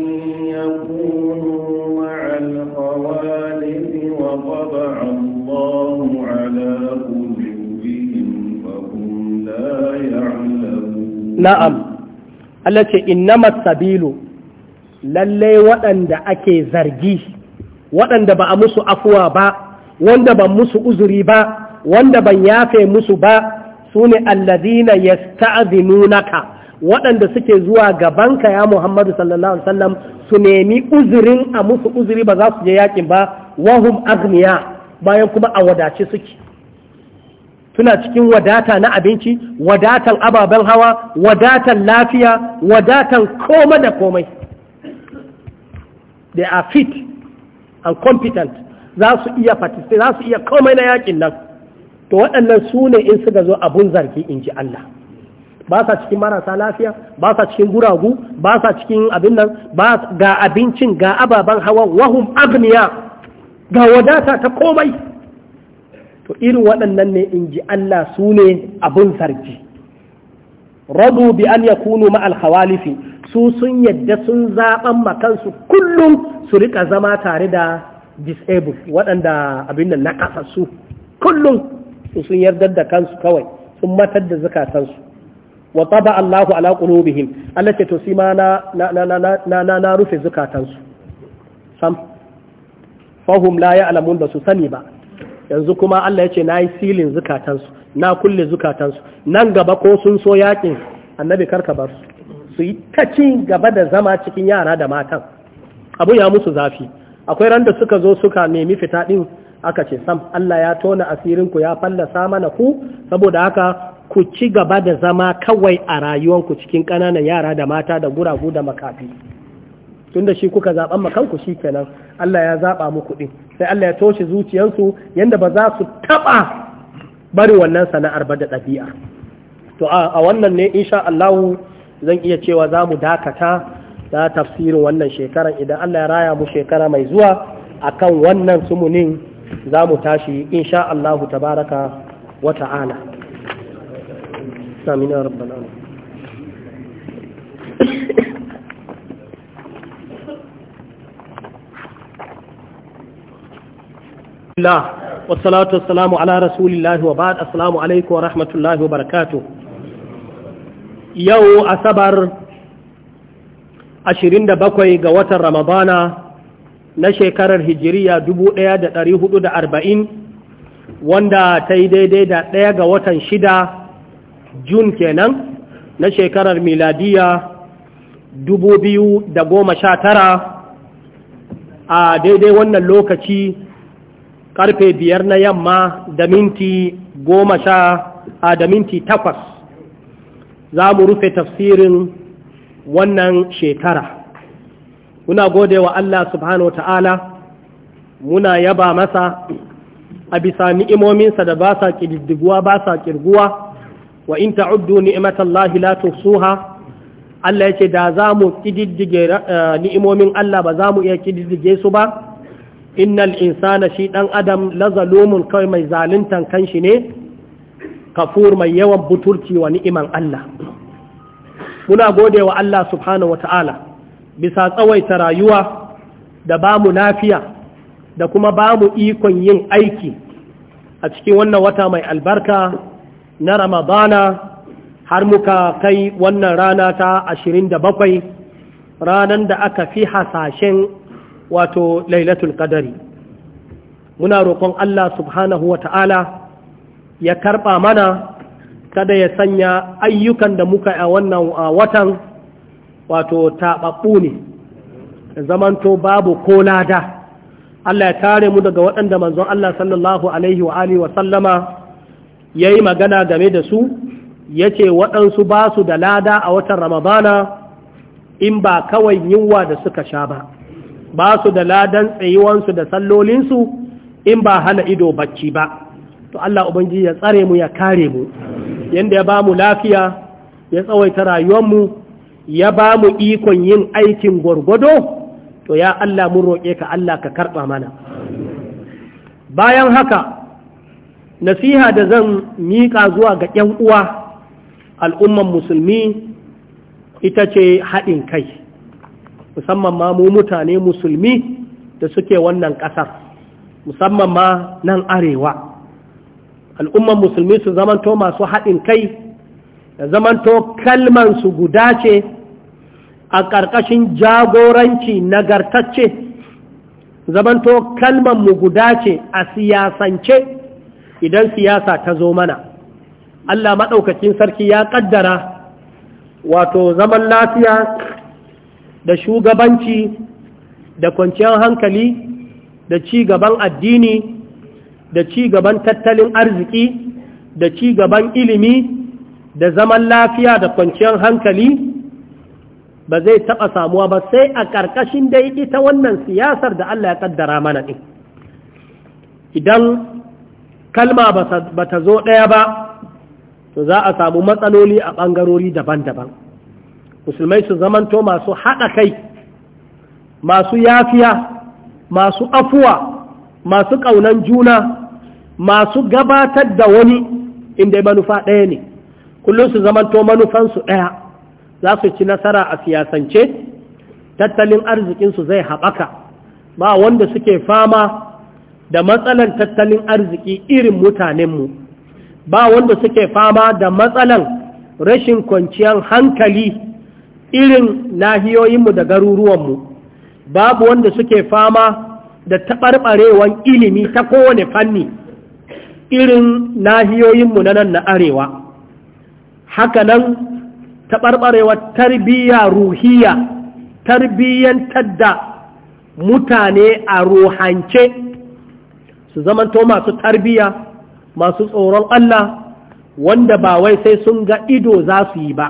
[SPEAKER 2] يكونوا مع الخوالف وطبع الله على قلوبهم فهم لا يعلمون
[SPEAKER 1] نعم التي إنما السبيل للي وأن دعك زرجيش waɗanda ba a musu afuwa ba wanda ban musu uzuri ba wanda ban yafe musu ba su ne alladina yasta'zinunaka waɗanda suke zuwa gabanka ya Muhammadu sallallahu alaihi wasallam su nemi uzurin a musu uzuri ba za su je yakin ba wahum agniya bayan kuma a wadace suke suna cikin wadata na abinci wadatan ababen hawa wadatan lafiya wadatan koma da komai they are fit and competent za su iya participate za su iya komai na yakin nan to waɗannan su ne in suka zo abun zargi in ji Allah ba sa cikin marasa lafiya ba sa cikin guragu ba sa cikin abin nan ga abincin ga ababen hawa wahum agniya ga wadata ta komai to irin waɗannan ne in ji Allah su ne abin sarki rabu bi an yakunu ma'al khawalifi su sun yadda sun zaɓan makansu kullum su rika zama tare da disabled waɗanda abin da na ƙasa su kullum su sun yardar da kansu kawai sun matar da zukatansu wa taba Allahu ala qulubihim Allah ce to sima na na na rufe zukatansu sam fahum la ya'lamun da su sani ba yanzu kuma Allah ya ce na yi silin zukatansu na kulle zukatansu nan gaba ko sun so yakin annabi karka bar su su yi ta ci gaba da zama cikin yara da matan abu ya musu zafi akwai randa suka zo suka nemi fita ɗin aka ce sam Allah ya tona asirinku ya fallasa mana ku saboda haka ku ci gaba da zama kawai a rayuwanku cikin ƙananan yara da mata da guragu da makafi tunda shi kuka zaɓan makanku shi kenan Allah ya zaɓa muku ɗin sai Allah ya toshe zuciyarsu yadda ba za su taɓa bari wannan sana'ar ba da ɗabi'a to a wannan ne insha Allah zan iya cewa za mu dakata na tafsirin wannan shekarar idan Allah ya raya mu shekara mai zuwa akan wannan sumunin za mu tashi insha Allah tabaraka wa ta'ala amin salatu Allah salamu ala rasulillahi wa ba'd assalamu alaikum wa rahmatullahi wa barakatuh yau asabar 27 ga watan ramadana na shekarar hijiriya 1440 wanda ta yi daidai da ɗaya ga watan shida jun kenan na shekarar miladiya 2019 a daidai wannan lokaci karfe biyar na yamma da minti goma da minti takwas za mu rufe tafsirin wannan shekara muna gode wa Allah subhanahu ta'ala muna yaba masa a bisa ni'imominsa da ba sa ƙididdiguwa ba sa ƙirguwa wa in ta'uddu lahi la tuhsuha Allah yace da za mu ƙididdige eh, ni'imomin Allah ba za mu iya ƙididdige su ba innal insana shi ɗan adam la zalumun kawai mai zaluntan kanshi ne kafur mai yawan buturci wa ni'iman Allah muna gode wa Allah subhanahu wa ta'ala bisa tsawaita rayuwa da bamu nafiya lafiya da kuma bamu ikon yin aiki a cikin wannan wata mai albarka na ramadana har muka kai wannan rana ta 27 ranar da aka fi hasashen wato lailatul qadari muna roƙon Allah subhanahu wa ta'ala ya karɓa mana kada ya sanya ayyukan da muka a wannan watan wato taɓaɓɓu ne zamanto babu ko lada Allah ya tare mu daga waɗanda manzon Allah sallallahu alaihi wa alihi wa sallama ya yi magana game da su ya ce waɗansu ba su da lada a watan ramadana in ba kawai yunwa da suka sha ba ba su da ladan tsayuwansu da sallolinsu in ba hana ido bacci ba to Allah ubangiji ya tsare mu ya kare mu yanda ya ba mu lafiya ya tsawaita rayuwar mu ya ba mu ikon yin aikin gwargwado to ya Allah mun roƙe ka Allah ka karɓa mana bayan haka nasiha da zan miƙa zuwa ga ‘yan uwa al'umman musulmi ita ce haɗin kai musamman ma mu mutane musulmi da suke wannan ƙasar musamman ma nan arewa al'umman musulmi su zamanto masu haɗin kai da zamanto kalmansu guda ce a ƙarƙashin jagoranci nagartacce zamanto kalmanmu guda ce a siyasance idan siyasa ta zo mana Allah maɗaukakin sarki ya ƙaddara wato zaman lafiya da shugabanci da kwanciyar hankali da ci gaban addini da ci gaban tattalin arziki da cigaban ilimi da zaman lafiya da kwanciyar hankali ba zai taɓa samuwa ba sai a ƙarƙashin dai ita wannan siyasar da Allah ya ƙaddara mana ɗin idan kalma ba ta zo ɗaya ba to za a samu matsaloli a ɓangarori daban-daban musulmai su zamanto masu haɗa kai masu yafiya masu afuwa masu ƙaunan juna masu gabatar da wani inda manufa ɗaya ne kullum su zamanto manufansu ɗaya za su ci nasara a siyasance tattalin arzikinsu zai haɓaka ba wanda suke fama da matsalar tattalin arziki irin mutanenmu ba wanda suke fama da matsalan rashin kwanciyar hankali irin nahiyoyinmu da garuruwanmu babu wanda suke fama da taɓarɓarewan ilimi ta kowane fanni irin nahiyoyinmu na nan na arewa haka nan taɓarɓarewar tarbiyya ruhiya tarbiyyantar da mutane a ruhance su zamanto masu tarbiyya masu tsoron Allah wanda ba wai sai sun ga ido za su yi ba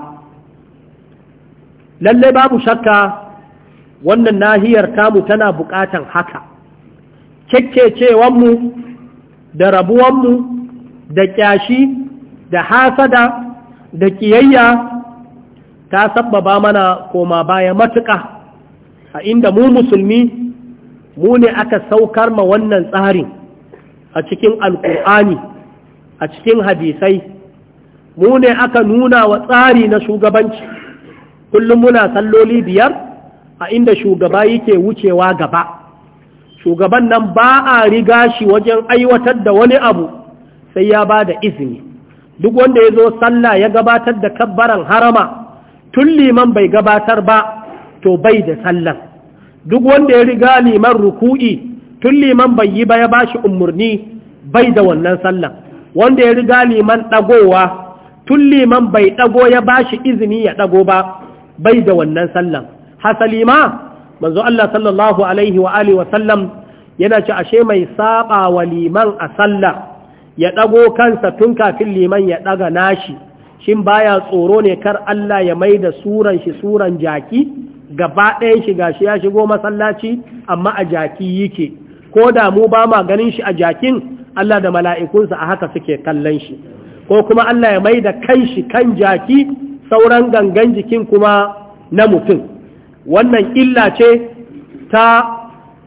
[SPEAKER 1] lallai babu shakka wannan nahiyar tamu tana bukatan haka mu da mu da kyashi da hasada da kiyayya ta sabbaba mana koma baya matuƙa a inda mu musulmi mu ne aka saukar ma wannan tsarin a cikin alkur'ani a cikin hadisai mu ne aka nuna wa tsari na shugabanci kullum muna salloli biyar a inda shugaba yake wucewa gaba shugaban nan ba a riga shi wajen aiwatar da wani abu sai ya ba da izini duk wanda ya zo sallah ya gabatar da kabbaran harama tun liman bai gabatar ba to bai da sallan duk wanda ya riga liman ruku'i tun liman bai yi ba ya ba shi umarni bai da wannan sallan wanda ya riga liman ɗagowa tun liman bai ɗago ya ba shi izini ya ɗago ba bai da wannan sallan hasali ma manzo Allah sallallahu alaihi wa alihi wa sallam yana ce ashe mai saba wa liman a sallah ya dago kansa tun kafin liman ya daga nashi shin baya tsoro ne kar Allah ya mai da suran shi suran jaki gaba ɗayan shi gashi ya shigo masallaci amma a jaki yake ko da mu ba ma ganin shi a jakin Allah da mala'ikunsa a haka suke kallon shi ko kuma Allah ya mai da kan kan jaki sauran gangan jikin kuma na mutum wannan illa ce ta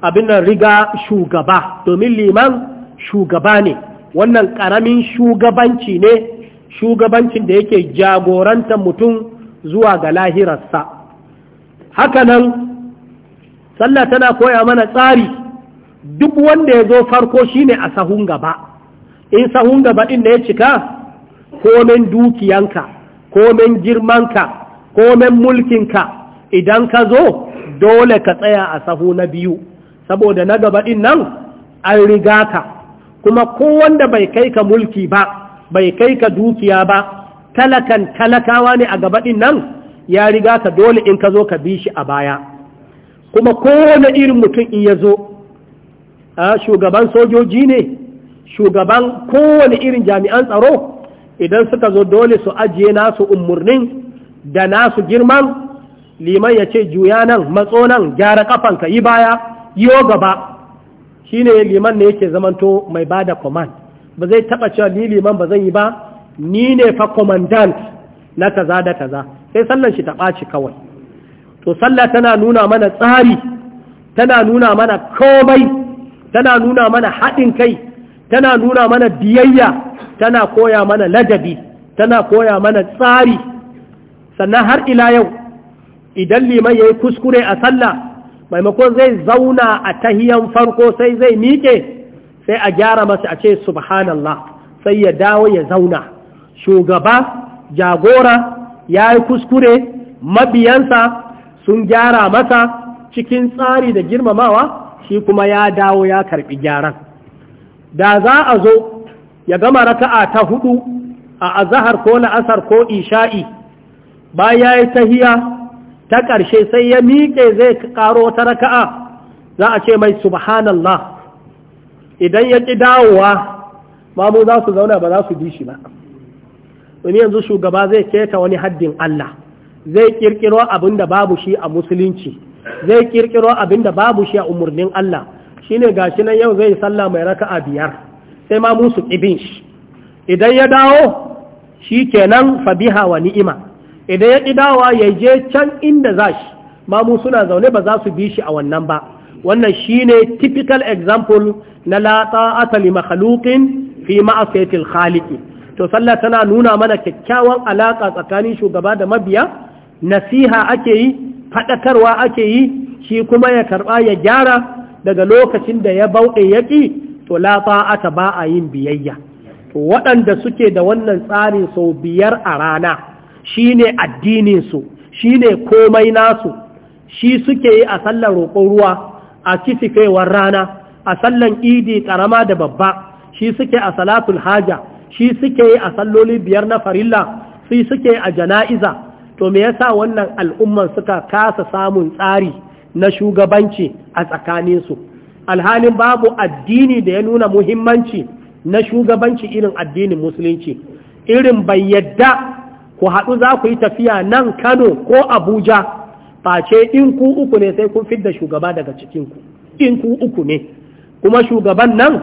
[SPEAKER 1] abin riga shugaba domin liman shugaba ne wannan ƙaramin shugabanci ne shugabancin da yake jagoranta mutum zuwa ga lahirarsa hakanan sallah tana koya mana tsari duk wanda ya zo farko shine a sahun gaba in sahun gaba ɗin da ya cika komen dukiyanka komen girmanka komen mulkinka idan ka zo dole ka tsaya a sahu na biyu saboda na gaba ɗin nan an riga ka kuma ko wanda bai kai ka mulki ba bai kai ka dukiya ba talakan talakawa ne a gaba ɗin nan ya riga ka dole in ka zo ka bi shi a baya kuma kowane irin mutum in ya zo shugaban sojoji ne shugaban kowane irin jami'an tsaro idan suka zo dole su ajiye nasu umarnin da nasu girman liman ya ce juya nan matso nan gyara kafanka yi baya yi gaba shi ne liman ne yake zamanto mai ba da command ba zai taba cewa ni liman ba zan yi ba ni ne fa commandant na kaza da kaza sai sallan shi ta ɓaci kawai to sallah tana nuna mana tsari tana nuna mana komai tana nuna mana haɗin kai tana nuna mana biyayya tana koya mana ladabi tana koya mana tsari sannan har ila yau idan liman ya yi kuskure a sallah maimakon zai zauna a tahiyan farko sai zai miƙe sai a gyara masa a ce subhanallah sai ya dawo ya zauna shugaba jagora ya yi kuskure mabiyansa sun gyara masa cikin tsari da girmamawa shi kuma ya dawo ya karbi gyaran da za a zo ya gama raka'a ta hudu a azahar ko la'asar ko isha'i bayan ya yi tahiya ta ƙarshe sai ya miƙe zai ƙaro ta raka'a za a ce mai subhanallah idan ya ƙi dawowa mamu za su zauna ba za su bi shi ba wani yanzu shugaba zai keta wani haddin Allah zai ƙirƙiro abin da babu shi a musulunci zai ƙirƙiro abin da babu shi a umarnin Allah shine gashi nan yau zai sallah mai raka'a biyar sai ma musu ƙibin shi idan ya dawo shi kenan fabiha wa ni'ima idan ya ƙidawa dawa ya je can inda za shi mamu suna zaune ba za su bi shi a wannan ba wannan shine typical example na la asali li fi ma'asiyati al to sallah tana nuna mana kyakkyawan alaƙa tsakanin shugaba da mabiya nasiha ake yi faɗakarwa ake yi shi kuma ya karɓa ya gyara daga lokacin da ya bauɗe ya ƙi to lafa ata ba a yin biyayya waɗanda suke da wannan tsarin sau biyar a rana shi ne addininsu shi ne komai nasu shi suke yi a sallar roƙon ruwa a kisifewar rana a sallar idi ƙarama da babba shi suke a salatul haja shi suke yi a salloli biyar na farilla shi suke a jana'iza to me yasa wannan al'umman suka kasa samun tsari na shugabanci a tsakaninsu alhalin babu addini da ya nuna muhimmanci na shugabanci irin addinin musulunci irin bai yadda ku haɗu za ku yi tafiya nan Kano ko Abuja face in ku uku ne sai kun fidda shugaba daga cikinku in ku uku ne kuma shugaban nan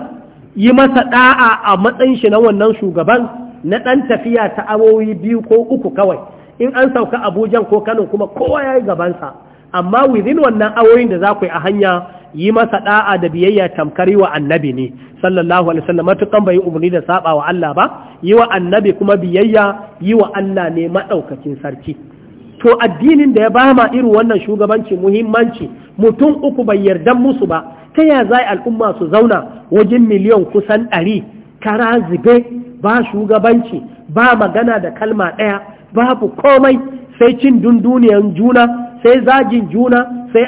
[SPEAKER 1] yi masa ɗa'a a matsayin shi na wannan shugaban na ɗan tafiya ta awowi biyu ko uku kawai in an sauka Abuja ko Kano kuma kowa ya yi gabansa amma within wannan awoyin da za ku yi a hanya yi masa da'a da biyayya tamkari wa annabi ne sallallahu alaihi wasallam matukan bai umarni da saba wa Allah ba yi wa annabi kuma biyayya yi wa Allah ne madaukakin sarki to addinin da ya ba ma irin wannan shugabanci muhimmanci mutum uku bai yarda musu ba ta ya za al'umma su zauna wajen miliyan kusan ɗari kara zube ba shugabanci ba magana da kalma ɗaya babu komai sai cin dunduniyan juna sai zagin juna sai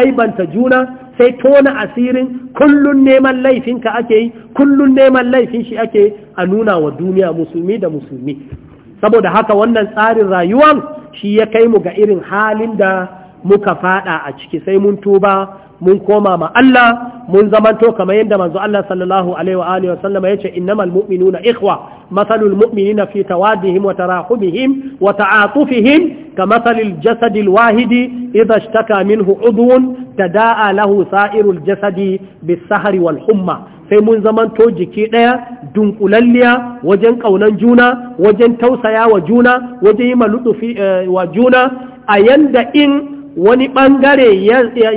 [SPEAKER 1] aibanta juna sai tona asirin kullun neman laifinka ake yi kullun neman laifin shi ake a nuna wa duniya musulmi da musulmi saboda haka wannan tsarin rayuwan shi ya kai mu ga irin halin da muka fada a ciki sai mun tuba mun koma ma Allah mun zamanto kamar yadda manzo Allah sallallahu alaihi wa alihi wa yace innamal mu'minuna ikhwa masalul mu'minina fi tawadihim wa tarahumihim wa ta'atufihim kamathalil jasadil wahidi idha ishtaka minhu udhun tadaa lahu sa'irul jasadi bisahri wal humma sai mun zamanto jiki daya dunkulalliya wajen kaunan juna wajen tausaya wa juna wajen yi maludufi eh, wa juna a yanda in wani ɓangare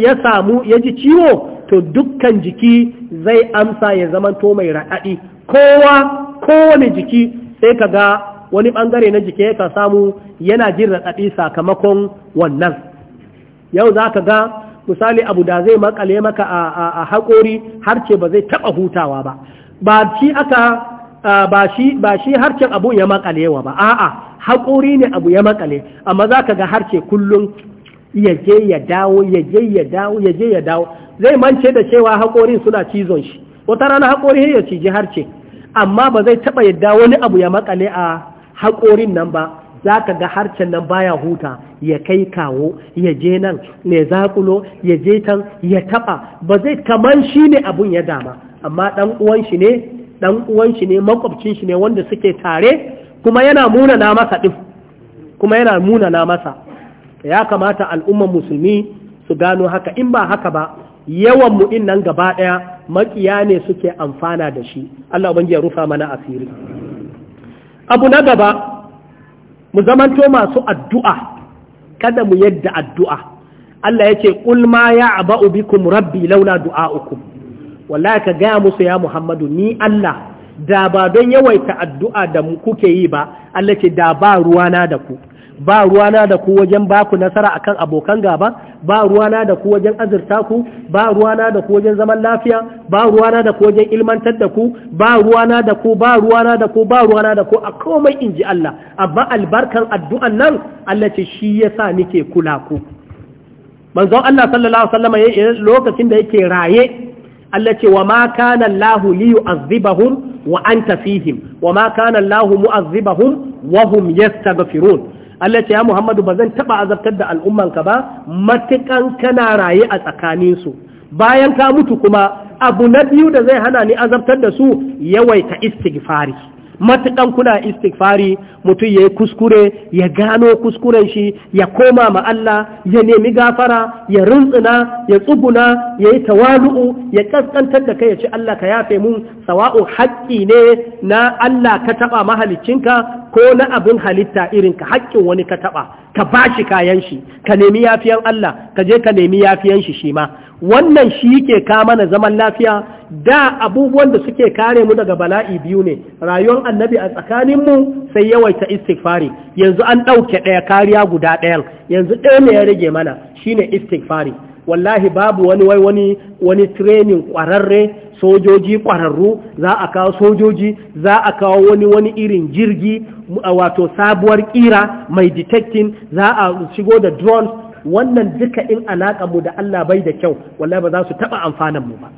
[SPEAKER 1] ya samu ya ji ciwo to dukkan jiki zai amsa ya zamanto mai raɗaɗi kowa kowane jiki sai ka ga wani ɓangare na jiki ka samu yana jin raɗaɗi sakamakon wannan yau za ka ga misali abu da zai makale maka a haƙori ce ba zai taɓa hutawa ba ba shi aka ba shi ba abu ya makalewa ba a'a haƙori ne abu ya makale amma za ka ga harce kullum ya je ya dawo ya je ya dawo ya ya dawo zai mance da cewa haƙorin suna cizon shi wata rana haƙori ya ciji harce amma ba zai taɓa yadda wani abu ya makale a haƙorin nan ba za ka ga harcen nan baya huta ya kai kawo ya je nan ne zakulo ya je tan ya taɓa ba zai kaman shi ne abun ya dama amma ɗan uwan shi ne ɗan uwan shi ne makwabcin shi ne wanda suke tare kuma yana munana masa ɗin kuma yana munana masa ya kamata al'ummar musulmi su gano haka in ba haka ba yawan mu nan gaba daya makiya ne suke amfana da shi Allah ubangi ya rufa mana asiri abu na gaba mu zamanto masu addu'a kada mu yadda addu'a Allah ya ce qul ma ya'ba'u bikum rabbi laula du'a'ukum wallahi ka gaya musu ya Muhammadu ni Allah da ba don yawaita addu'a da mu kuke yi ba Allah ce da ba ruwana da ku ba ruwana da ku wajen ba ku nasara akan abokan gaba ba ruwana da ku wajen azurta ku ba ruwana da ku wajen zaman lafiya ba ruwana da ku wajen ilmantar da ku ba ruwana da ku ba ruwana da ku ba ruwana da ku a komai inji Allah amma albarkan addu'an nan Allah ce shi yasa nike kula ku manzon Allah sallallahu alaihi wasallam lokacin da yake raye Allah ce wa ma kana Allah li yu'azzibahum wa anta fihim wa ma kana Allah mu'azzibahum wa hum yastaghfirun Allah ce ya Muhammadu ba zan taɓa azabtar da al'ummanka ba matukan kana raye a tsakaninsu bayan ka mutu kuma abu na biyu da zai hana ni azabtar da su yawaita istighfari matuƙan kuna istighfari mutum ya yi kuskure ya gano kuskuren shi ya koma ma Allah ya nemi gafara ya runtsuna ya tsuguna ya yi tawalu'u ya ƙasƙantar da kai ya ce Allah ka yafe mun sawa'u haƙƙi ne na Allah ka taɓa mahalicinka ko na abin halitta irinka haƙƙin wani ka taɓa ka ba shi kayan shi ka nemi yafiyan Allah ka je ka nemi yafiyan shi shi ma wannan shi ke ka mana zaman lafiya da abubuwan da suke kare mu daga bala'i biyu ne rayuwar annabi a tsakaninmu sai yawaita istighfari yanzu an ɗauke ɗaya kariya guda ɗayan yanzu ɗaya ne ya rage mana shine istighfari wallahi babu wani wai wani wani training ƙwararre sojoji kwararru za a kawo sojoji za a kawo wani wani irin jirgi wato sabuwar kira mai detecting za a shigo da drones wannan duka in alaƙa mu da Allah bai da kyau wallahi ba za su taɓa amfanan mu ba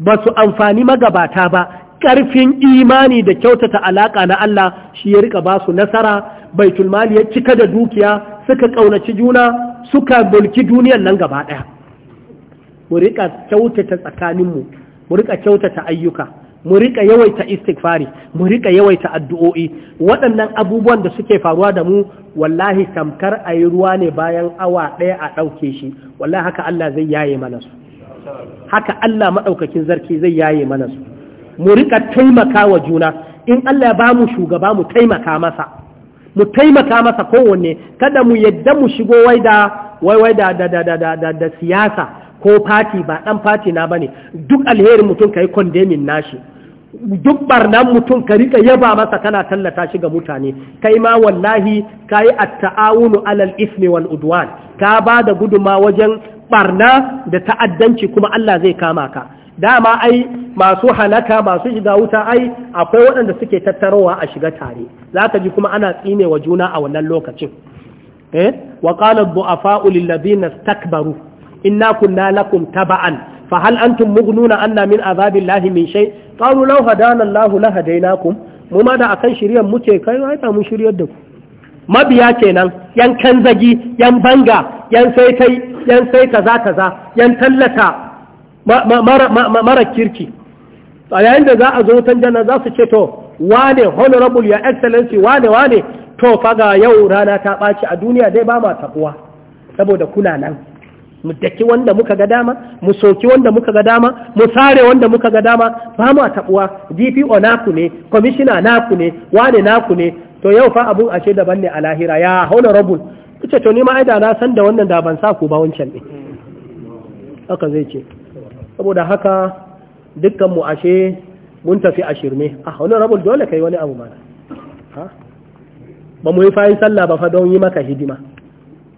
[SPEAKER 1] ba su amfani magabata ba ƙarfin imani da kyautata alaƙa na Allah shi ya rika ba su nasara baitul mali ya cika da dukiya suka ƙaunaci juna suka bulki duniyar nan gaba ɗaya mu rika kyautata tsakaninmu mu rika kyautata ayyuka mu rika yawaita istighfari mu rika yawaita addu'o'i waɗannan abubuwan da suke faruwa da mu wallahi tamkar ayi ruwa ne bayan awa ɗaya a ɗauke shi wallahi haka Allah zai yaye mana su haka Allah maɗaukakin zarki zai yaye mana su mu rika taimaka wa juna in Allah ya bamu shugaba mu taimaka masa mu taimaka masa kowanne kada mu yadda mu shigo wai da wai da da da da da siyasa ko fati ba ɗan fati na bane duk alherin mutum ka yi kondemin nashi duk barnan mutum ka rika yaba masa kana tallata shi ga mutane kai ma wallahi ka yi atta'awunu alal ismi wal udwan ka ba da guduma wajen barna da ta'addanci kuma Allah zai kama ka dama ai masu halaka masu shiga wuta ai akwai waɗanda suke tattarowa a shiga tare za ka ji kuma ana tsine wa juna a wannan lokacin eh wa qala duafa lil ladina inna kunna lakum taba'an fa hal antum mughnuna anna min azabillahi min shay qalu law hadana Allahu la hadainakum mu ma da akan shiryan muke kai ai ta mun shiryar da ku
[SPEAKER 2] mabiya kenan
[SPEAKER 1] yan kanzagi yan banga yan sai yan sai kaza kaza yan tallata mara kirki a yayin da za a zo tan janna za su ce to wane honorable ya excellency wane wane to faga yau rana ta ɓaci a duniya dai ba ma tabuwa saboda kuna nan mu daki wanda muka ga dama mu soki wanda muka ga dama mu sare wanda muka ga dama ba mu tabuwa DPO naku ne commissioner naku ne wane naku ne to yau fa abun ashe daban ne a lahira ya haula rubul. kace to ni ma ai da na san da wannan da ban sa ku ba wancan ne haka zai ce saboda haka dukkan mu ashe mun tafi ashirme a haula rubul dole kai wani abu mana ha ba mu yi fayin sallah ba fa don yi maka hidima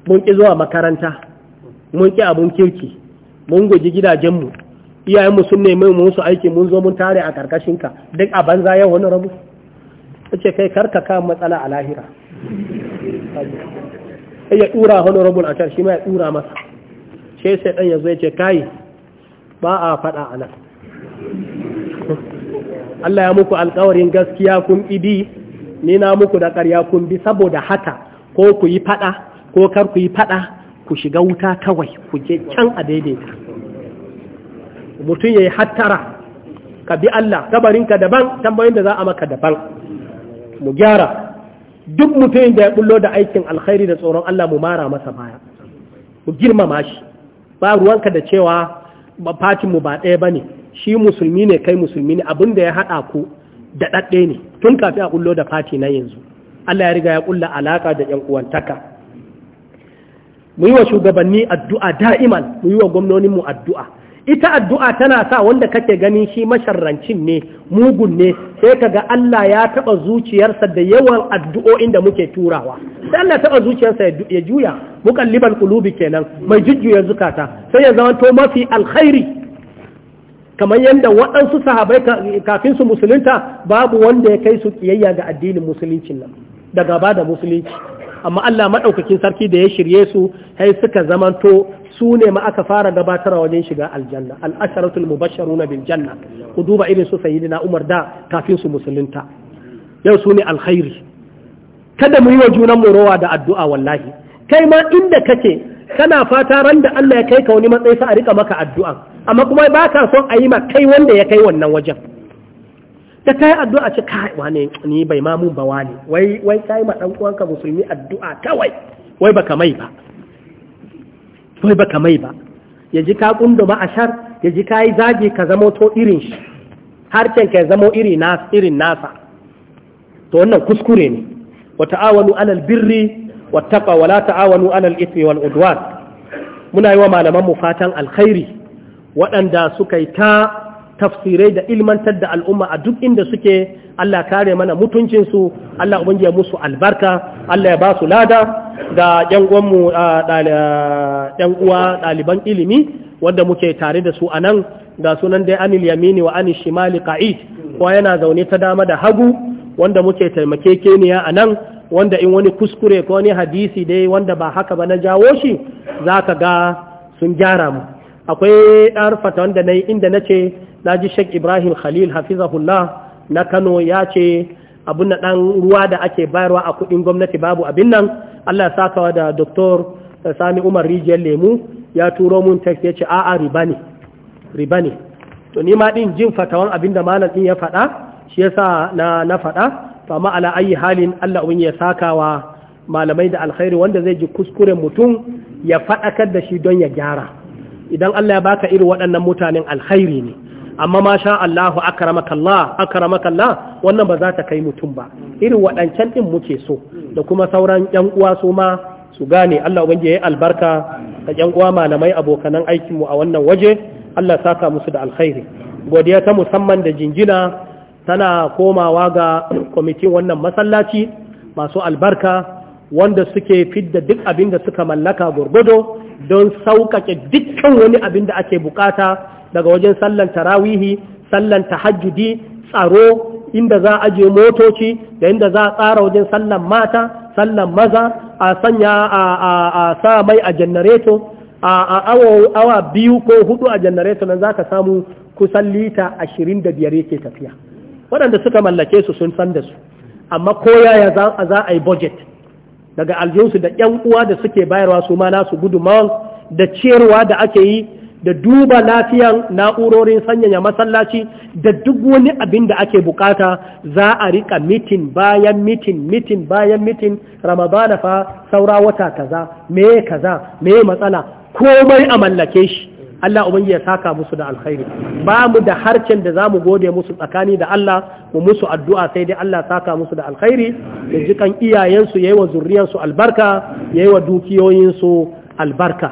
[SPEAKER 1] mun ki zuwa makaranta mun ki abun kirki mun guji gidajenmu iyayenmu sun nemi mu musu aiki mun zo mun tare a karkashin ka duk a banza yau wani rabu ce kai karka ka matsala a lahira sai ya hono rabu a can shi ma ya ɗura masa sai sai dan yazo ya ce kai ba a fada anan Allah ya muku alƙawarin gaskiya kun idi ni na muku da ƙarya kun bi saboda haka ko ku yi fada ko kar ku yi fada ku shiga wuta kawai ku je can a daidaita mutum ya yi hattara ka bi Allah kabarinka daban tambayin da za a maka daban mu gyara duk mutum da ya bullo da aikin alkhairi da tsoron Allah mu mara masa baya mu girmama shi ba ruwanka da cewa fatin mu ba ɗaya ba ne shi musulmi ne kai musulmi ne abin da ya haɗa ku da ɗaɗɗe ne tun kafin a bullo da fati na yanzu Allah ya riga ya kulla alaka da ƴan uwantaka mu yi wa shugabanni addu'a da'iman mu yi wa gwamnoninmu addu'a ita addu'a tana sa wanda kake ganin shi masharrancin ne mugun ne sai ka ga Allah ya taɓa zuciyarsa da yawan addu'o'in da muke turawa sai Allah taɓa zuciyarsa ya juya muƙalliban ƙulubi kenan mai jujjuya zukata sai ya zama to mafi alkhairi kamar yadda waɗansu sahabai kafin su musulunta babu wanda ya kai su ƙiyayya ga addinin musulunci nan da gaba da musulunci amma Allah maɗaukakin sarki da ya shirye su sai suka zamanto su ne ma aka fara gabatarwa wajen shiga aljanna al'asharatul mubashsharuna bil janna ku duba irin su sayyidina Umar da kafin su musulunta yau su ne alkhairi kada mu yi wa junan mu rowa da addu'a wallahi kai ma inda kake kana fata ran da Allah ya kai ka wani matsayi sa a rika maka addu'a amma kuma ba ka son a yi ma kai wanda ya kai wannan wajen da ka yi addu'a ce ka haiwa ne ni bai mamu ba wani wai wai ka yi maɗan uwanka musulmi addu'a kawai wai baka mai ba wai baka mai ba ya ji ka kundo ma ashar ya ji ka yi zagi ka zamo to irin shi harshen ka zamo irin nasa to wannan kuskure ne wa ta'awanu alal birri wa taqwa wa la ta'awanu alal ithmi wal udwan muna yi wa malaman mu fatan alkhairi waɗanda suka yi ta tafsirai da ilmantar da al'umma a duk inda suke Allah kare mana mutuncinsu Allah ubangiya musu albarka Allah ya ba su lada Ga yan uwanmu uwa ɗaliban ilimi wanda muke tare da su a nan ga sunan dai anil yamini wa anil shimali qa'id ko yana zaune ta dama da hagu wanda muke taimake keniya a nan wanda in wani kuskure ko wani hadisi dai wanda ba haka ba na jawo shi zaka ga sun gyara mu akwai ɗarfata wanda na yi inda na ce na ji shek ibrahim khalil hafizahullah na kano ya ce abin na ɗan ruwa da ake bayarwa a kuɗin gwamnati babu abin nan allah ya sakawa da doktor eh, sani umar rijiyar lemu ya turo mun text ya ce a'a riba ne riba ne to ni ma ɗin jin fatawan abin da malam ɗin ya faɗa shi yasa na na faɗa to amma ala ayi halin allah ya sakawa malamai da alkhairi wanda zai ji kuskuren mutum ya faɗakar da shi don ya gyara idan allah ya baka irin waɗannan mutanen alkhairi ne amma ma sha Allahu akramakallah akramakallah wannan ba za ta kai mutum ba irin waɗancan din muke so da kuma sauran yan uwa su ma su gane Allah ubangiji yayi albarka da yan uwa malamai abokanan aikin mu a wannan waje Allah saka musu da alkhairi godiya ta musamman da jinjina tana komawa ga kwamitin wannan masallaci masu albarka wanda suke fidda duk abin da suka mallaka gurgudo don sauƙaƙe dukkan wani abin da ake bukata daga wajen sallan tarawihi sallan tahajjudi tsaro inda za a je motoci da inda za a tsara wajen sallan mata sallan maza a sanya a sa mai a janareto a awa biyu ko hudu a janareto nan za ka samu kusan lita ashirin da biyar yake tafiya waɗanda suka mallake su sun san da su amma ko yaya za a yi budget daga aljinsu da 'yan uwa da suke bayarwa su ma nasu gudunmawan da ciyarwa da ake yi da duba lafiyan na'urorin sanyaya masallaci da duk wani abin da ake bukata za a rika mitin bayan mitin mitin bayan mitin ramadana fa saura wata kaza me kaza me matsala komai a mallake shi Allah ubangi ya saka musu da alkhairi ba mu da harcen da zamu gode musu tsakani da Allah mu musu addu'a sai dai Allah saka musu da alkhairi da jikan iyayensu yayi wa zurriyansu albarka yayi wa dukiyoyinsu albarka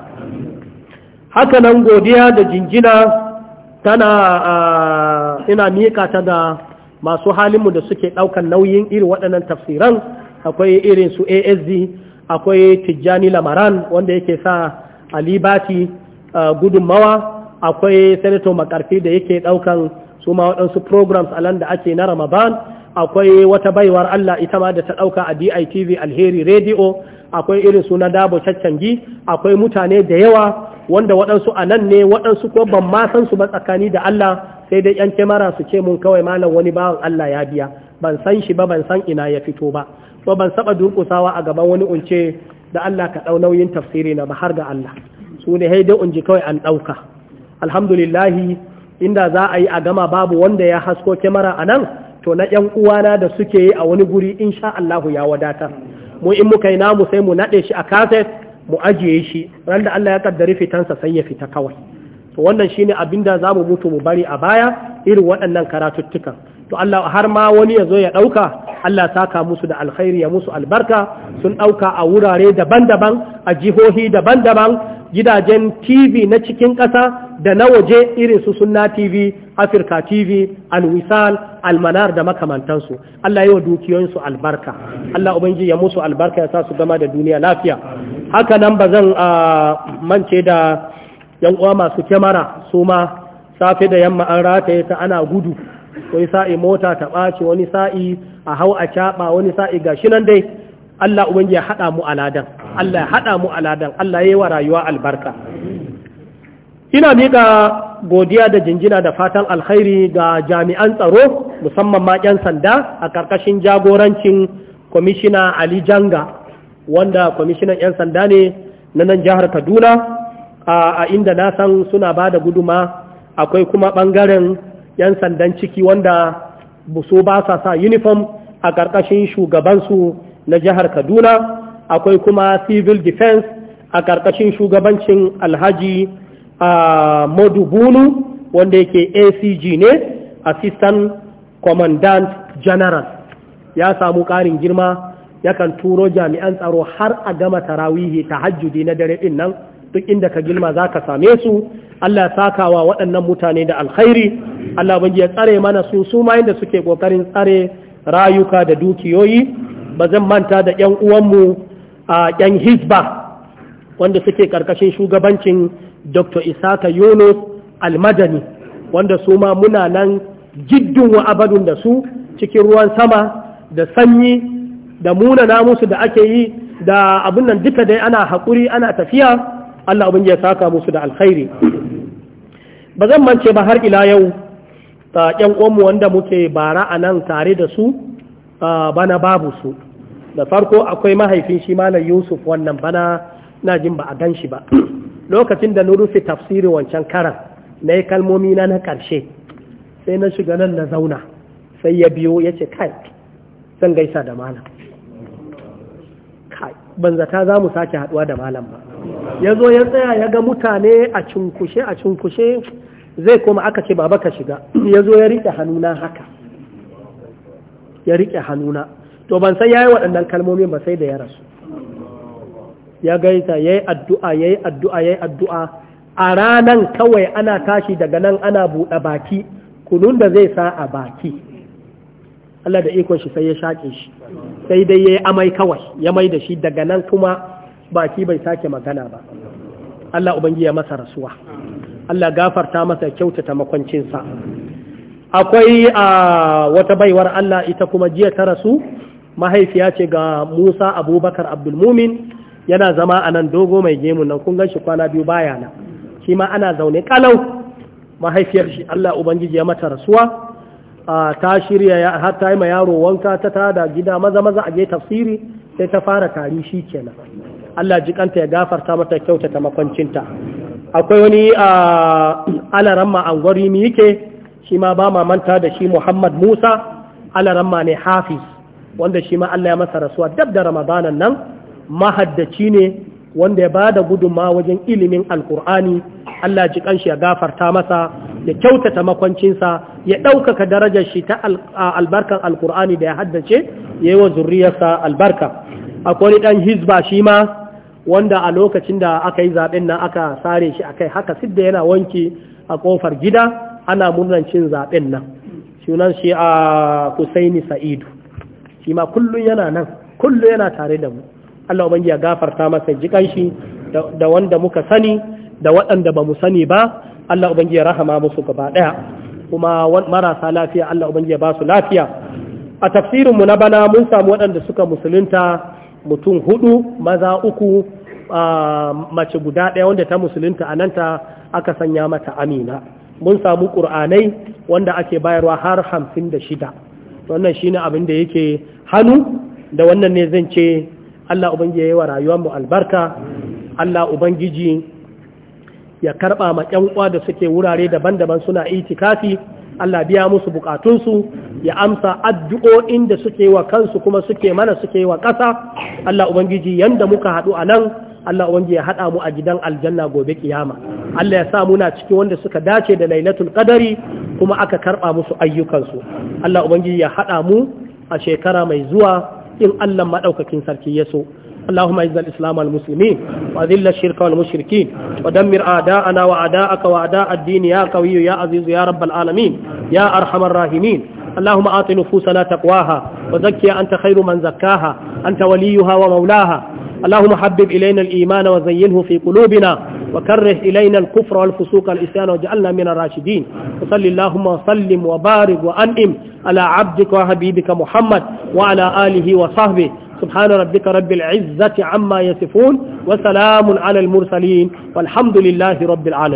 [SPEAKER 1] haka nan godiya da jinjina tana ina miƙa ta da masu halinmu da suke ɗaukan nauyin irin waɗannan tafsiran akwai irin su asd akwai tijjani lamaran wanda yake sa alibati gudunmawa akwai senator makarfi da yake ɗaukan su ma waɗansu programs a da ake na ramadan akwai wata baiwar allah ita ma da ta ɗauka a ditv alheri radio akwai irin su na dabo caccangi akwai mutane da yawa wanda waɗansu a nan ne waɗansu ko ban ma san su ba tsakani da Allah sai dai yan kyamara su ce mun kawai malam wani bawan Allah ya biya ban san shi ba ban san ina ya fito ba to ban saba durƙusawa a gaban wani unce da Allah ka ɗau nauyin tafsiri na ba har ga Allah su ne hai dai unji kawai an ɗauka alhamdulillahi inda za a yi a gama babu wanda ya hasko kyamara a nan to na ‘yan uwana da suke yi a wani guri insha Allahu ya wadatar mu in muka yi namu sai mu naɗe shi a kaset mu ajiye shi ran da Allah ya kaddari fitansa sai ya fita kawai to wannan shine abinda zamu mutu mu bari a baya irin waɗannan karatuttukan to Allah har ma wani ya zo ya ɗauka Allah saka musu da alkhairi ya musu albarka sun ɗauka a wurare daban-daban a jihohi daban-daban gidajen TV na cikin ƙasa da na waje irin su sunna TV, Afirka TV, Alwisal, Almanar da makamantansu. Allah yi wa dukiyoyinsu albarka. Allah Ubangiji ya musu albarka ya sa su gama da duniya lafiya. Haka nan ba zan ah, mance da 'yan uwa masu kyamara su ma safe da yamma an rataye ta ana gudu. wani sa'i mota ta ɓaci wani sa'i a hau a caɓa wani sa'i ga shi nan dai Allah ubangi ya haɗa mu aladan Allah ya haɗa mu aladan Allah ya yi wa rayuwa albarka ina miƙa godiya da jinjina da fatan alkhairi ga jami'an tsaro musamman ma 'yan sanda a ƙarƙashin jagorancin kwamishina Ali Janga wanda kwamishinan 'yan sanda ne na nan jihar Kaduna a inda na san suna ba da guduma akwai kuma ɓangaren 'yan sandan ciki wanda buso ba sa sa uniform a ƙarƙashin shugabansu na jihar kaduna akwai kuma civil defense a ƙarƙashin shugabancin alhaji a wanda yake acg ne assistant commandant general ya samu ƙarin girma yakan turo jami'an tsaro har a gama tarawihi ta hajjudi na dare ɗin nan duk inda ka gilma za ka same su Allah ya saka wa waɗannan mutane da alkhairi Allah banji ya tsare mana su su ma yadda suke ƙoƙarin tsare rayuka da dukiyoyi ba zan manta da 'yan uwanmu a 'yan hijba. wanda suke ƙarƙashin shugabancin Dr. Isaka Yunus Almadani wanda su ma muna nan jiddun wa abadun da su cikin ruwan sama da sanyi da muna musu da ake yi da abin nan duka dai ana haƙuri ana tafiya Allah abin ya saka musu da alkhairi ba zan mance ba har ila yau ta ƴan uwanmu wanda muke bara a nan tare da su bana babu su da farko akwai mahaifin shi malam Yusuf wannan bana na jin ba a gan shi ba lokacin da na rufe tafsiri wancan karan na yi kalmomi na na ƙarshe sai na shiga nan na zauna sai ya biyo ya ce kai zan gaisa da malam kai banzata za mu sake haɗuwa da malam ba ya zo ya tsaya ya ga mutane a cunkushe a cunkushe zai koma aka ce baba ka shiga ya zo ya riƙe hannuna haka ya riƙe hannuna to ban san yayi waɗannan kalmomin ba sai da ya rasu ya gaita yayi addu'a yayi addu'a yayi addu'a a ranan kawai ana tashi daga nan ana buɗe baki kunun da zai sa a baki Allah da ikon shi sai ya shaƙe shi sai dai yayi amai kawai ya mai da shi daga nan kuma baki bai sake magana ba Allah ubangi ya masa rasuwa Allah gafarta masa kyautata makwancinsa akwai a wata baiwar Allah ita kuma jiya ta rasu mahaifiya ce ga Musa Abubakar Abdulmumin yana zama a nan dogo mai gemu nan kun shi kwana biyu baya nan shi ma ana zaune kalau mahaifiyar shi Allah ubangiji ya mata rasuwa ta shirya har ta yi ma yaro wanka ta tada gida maza maza a je tafsiri sai ta fara tari shi kenan Allah ji jikanta ya gafarta mata kyautata makwancinta akwai wani a alaramma an gwari mi yake shi ma ba mamanta da shi Muhammad Musa alaramma ne hafiz wanda shi ma Allah ya masa rasuwa dab da Ramadanan nan mahaddaci ne wanda ya ba da gudunma wajen ilimin alkur'ani Allah ji shi ya gafarta masa ya kyautata makwancinsa ya ɗaukaka darajar shi ta albarkan alkur'ani da ya haddace ya yi wa zurriyarsa albarka akwai ɗan hizba shi ma wanda a lokacin da aka yi zaɓen nan aka sare shi akai haka sidda yana wanki a ƙofar gida ana murnan cin zaɓen nan sunan shi a Husaini Sa'idu shi ma kullun yana nan kullun yana tare da mu Allah ubangi ya gafarta masa jikan shi da wanda muka sani da waɗanda ba mu sani ba Allah ubangi ya rahama musu gaba ɗaya kuma marasa lafiya Allah ubangi ya ba su lafiya a tafsirin mu na bana mun samu waɗanda suka musulunta mutum hudu maza uku mace guda ɗaya wanda ta musulunta a nan ta aka sanya mata amina mun samu ƙur'anai wanda ake bayarwa har hamsin da shida wannan shine abin da yake hannu da wannan ne zan ce Allah ubangiji ya yi wa rayuwarmu albarka Allah ubangiji ya karɓa ma ƴan uwa da suke wurare daban-daban suna itikafi Allah biya musu bukatunsu ya amsa addu'o'in da suke wa kansu kuma suke mana suke wa ƙasa Allah ubangiji yanda muka haɗu a nan Allah ubangiji ya haɗa mu a gidan aljanna gobe kiyama Allah ya sa muna cikin wanda suka dace da lailatul qadari kuma aka karɓa musu ayyukansu Allah ubangiji ya haɗa mu a shekara mai zuwa in Allah madaukakin sarki ya so اللهم اعز الاسلام والمسلمين واذل الشرك والمشركين ودمر اعداءنا واعداءك واعداء الدين يا قوي يا عزيز يا رب العالمين يا ارحم الراحمين اللهم آت نفوسنا تقواها وزكها أنت خير من زكاها أنت وليها ومولاها اللهم حبب إلينا الإيمان وزينه في قلوبنا وكره إلينا الكفر والفسوق والإسيان وجعلنا من الراشدين وصل اللهم وسلم وبارك وأنئم على عبدك وحبيبك محمد وعلى آله وصحبه سبحان ربك رب العزة عما يصفون وسلام على المرسلين والحمد لله رب العالمين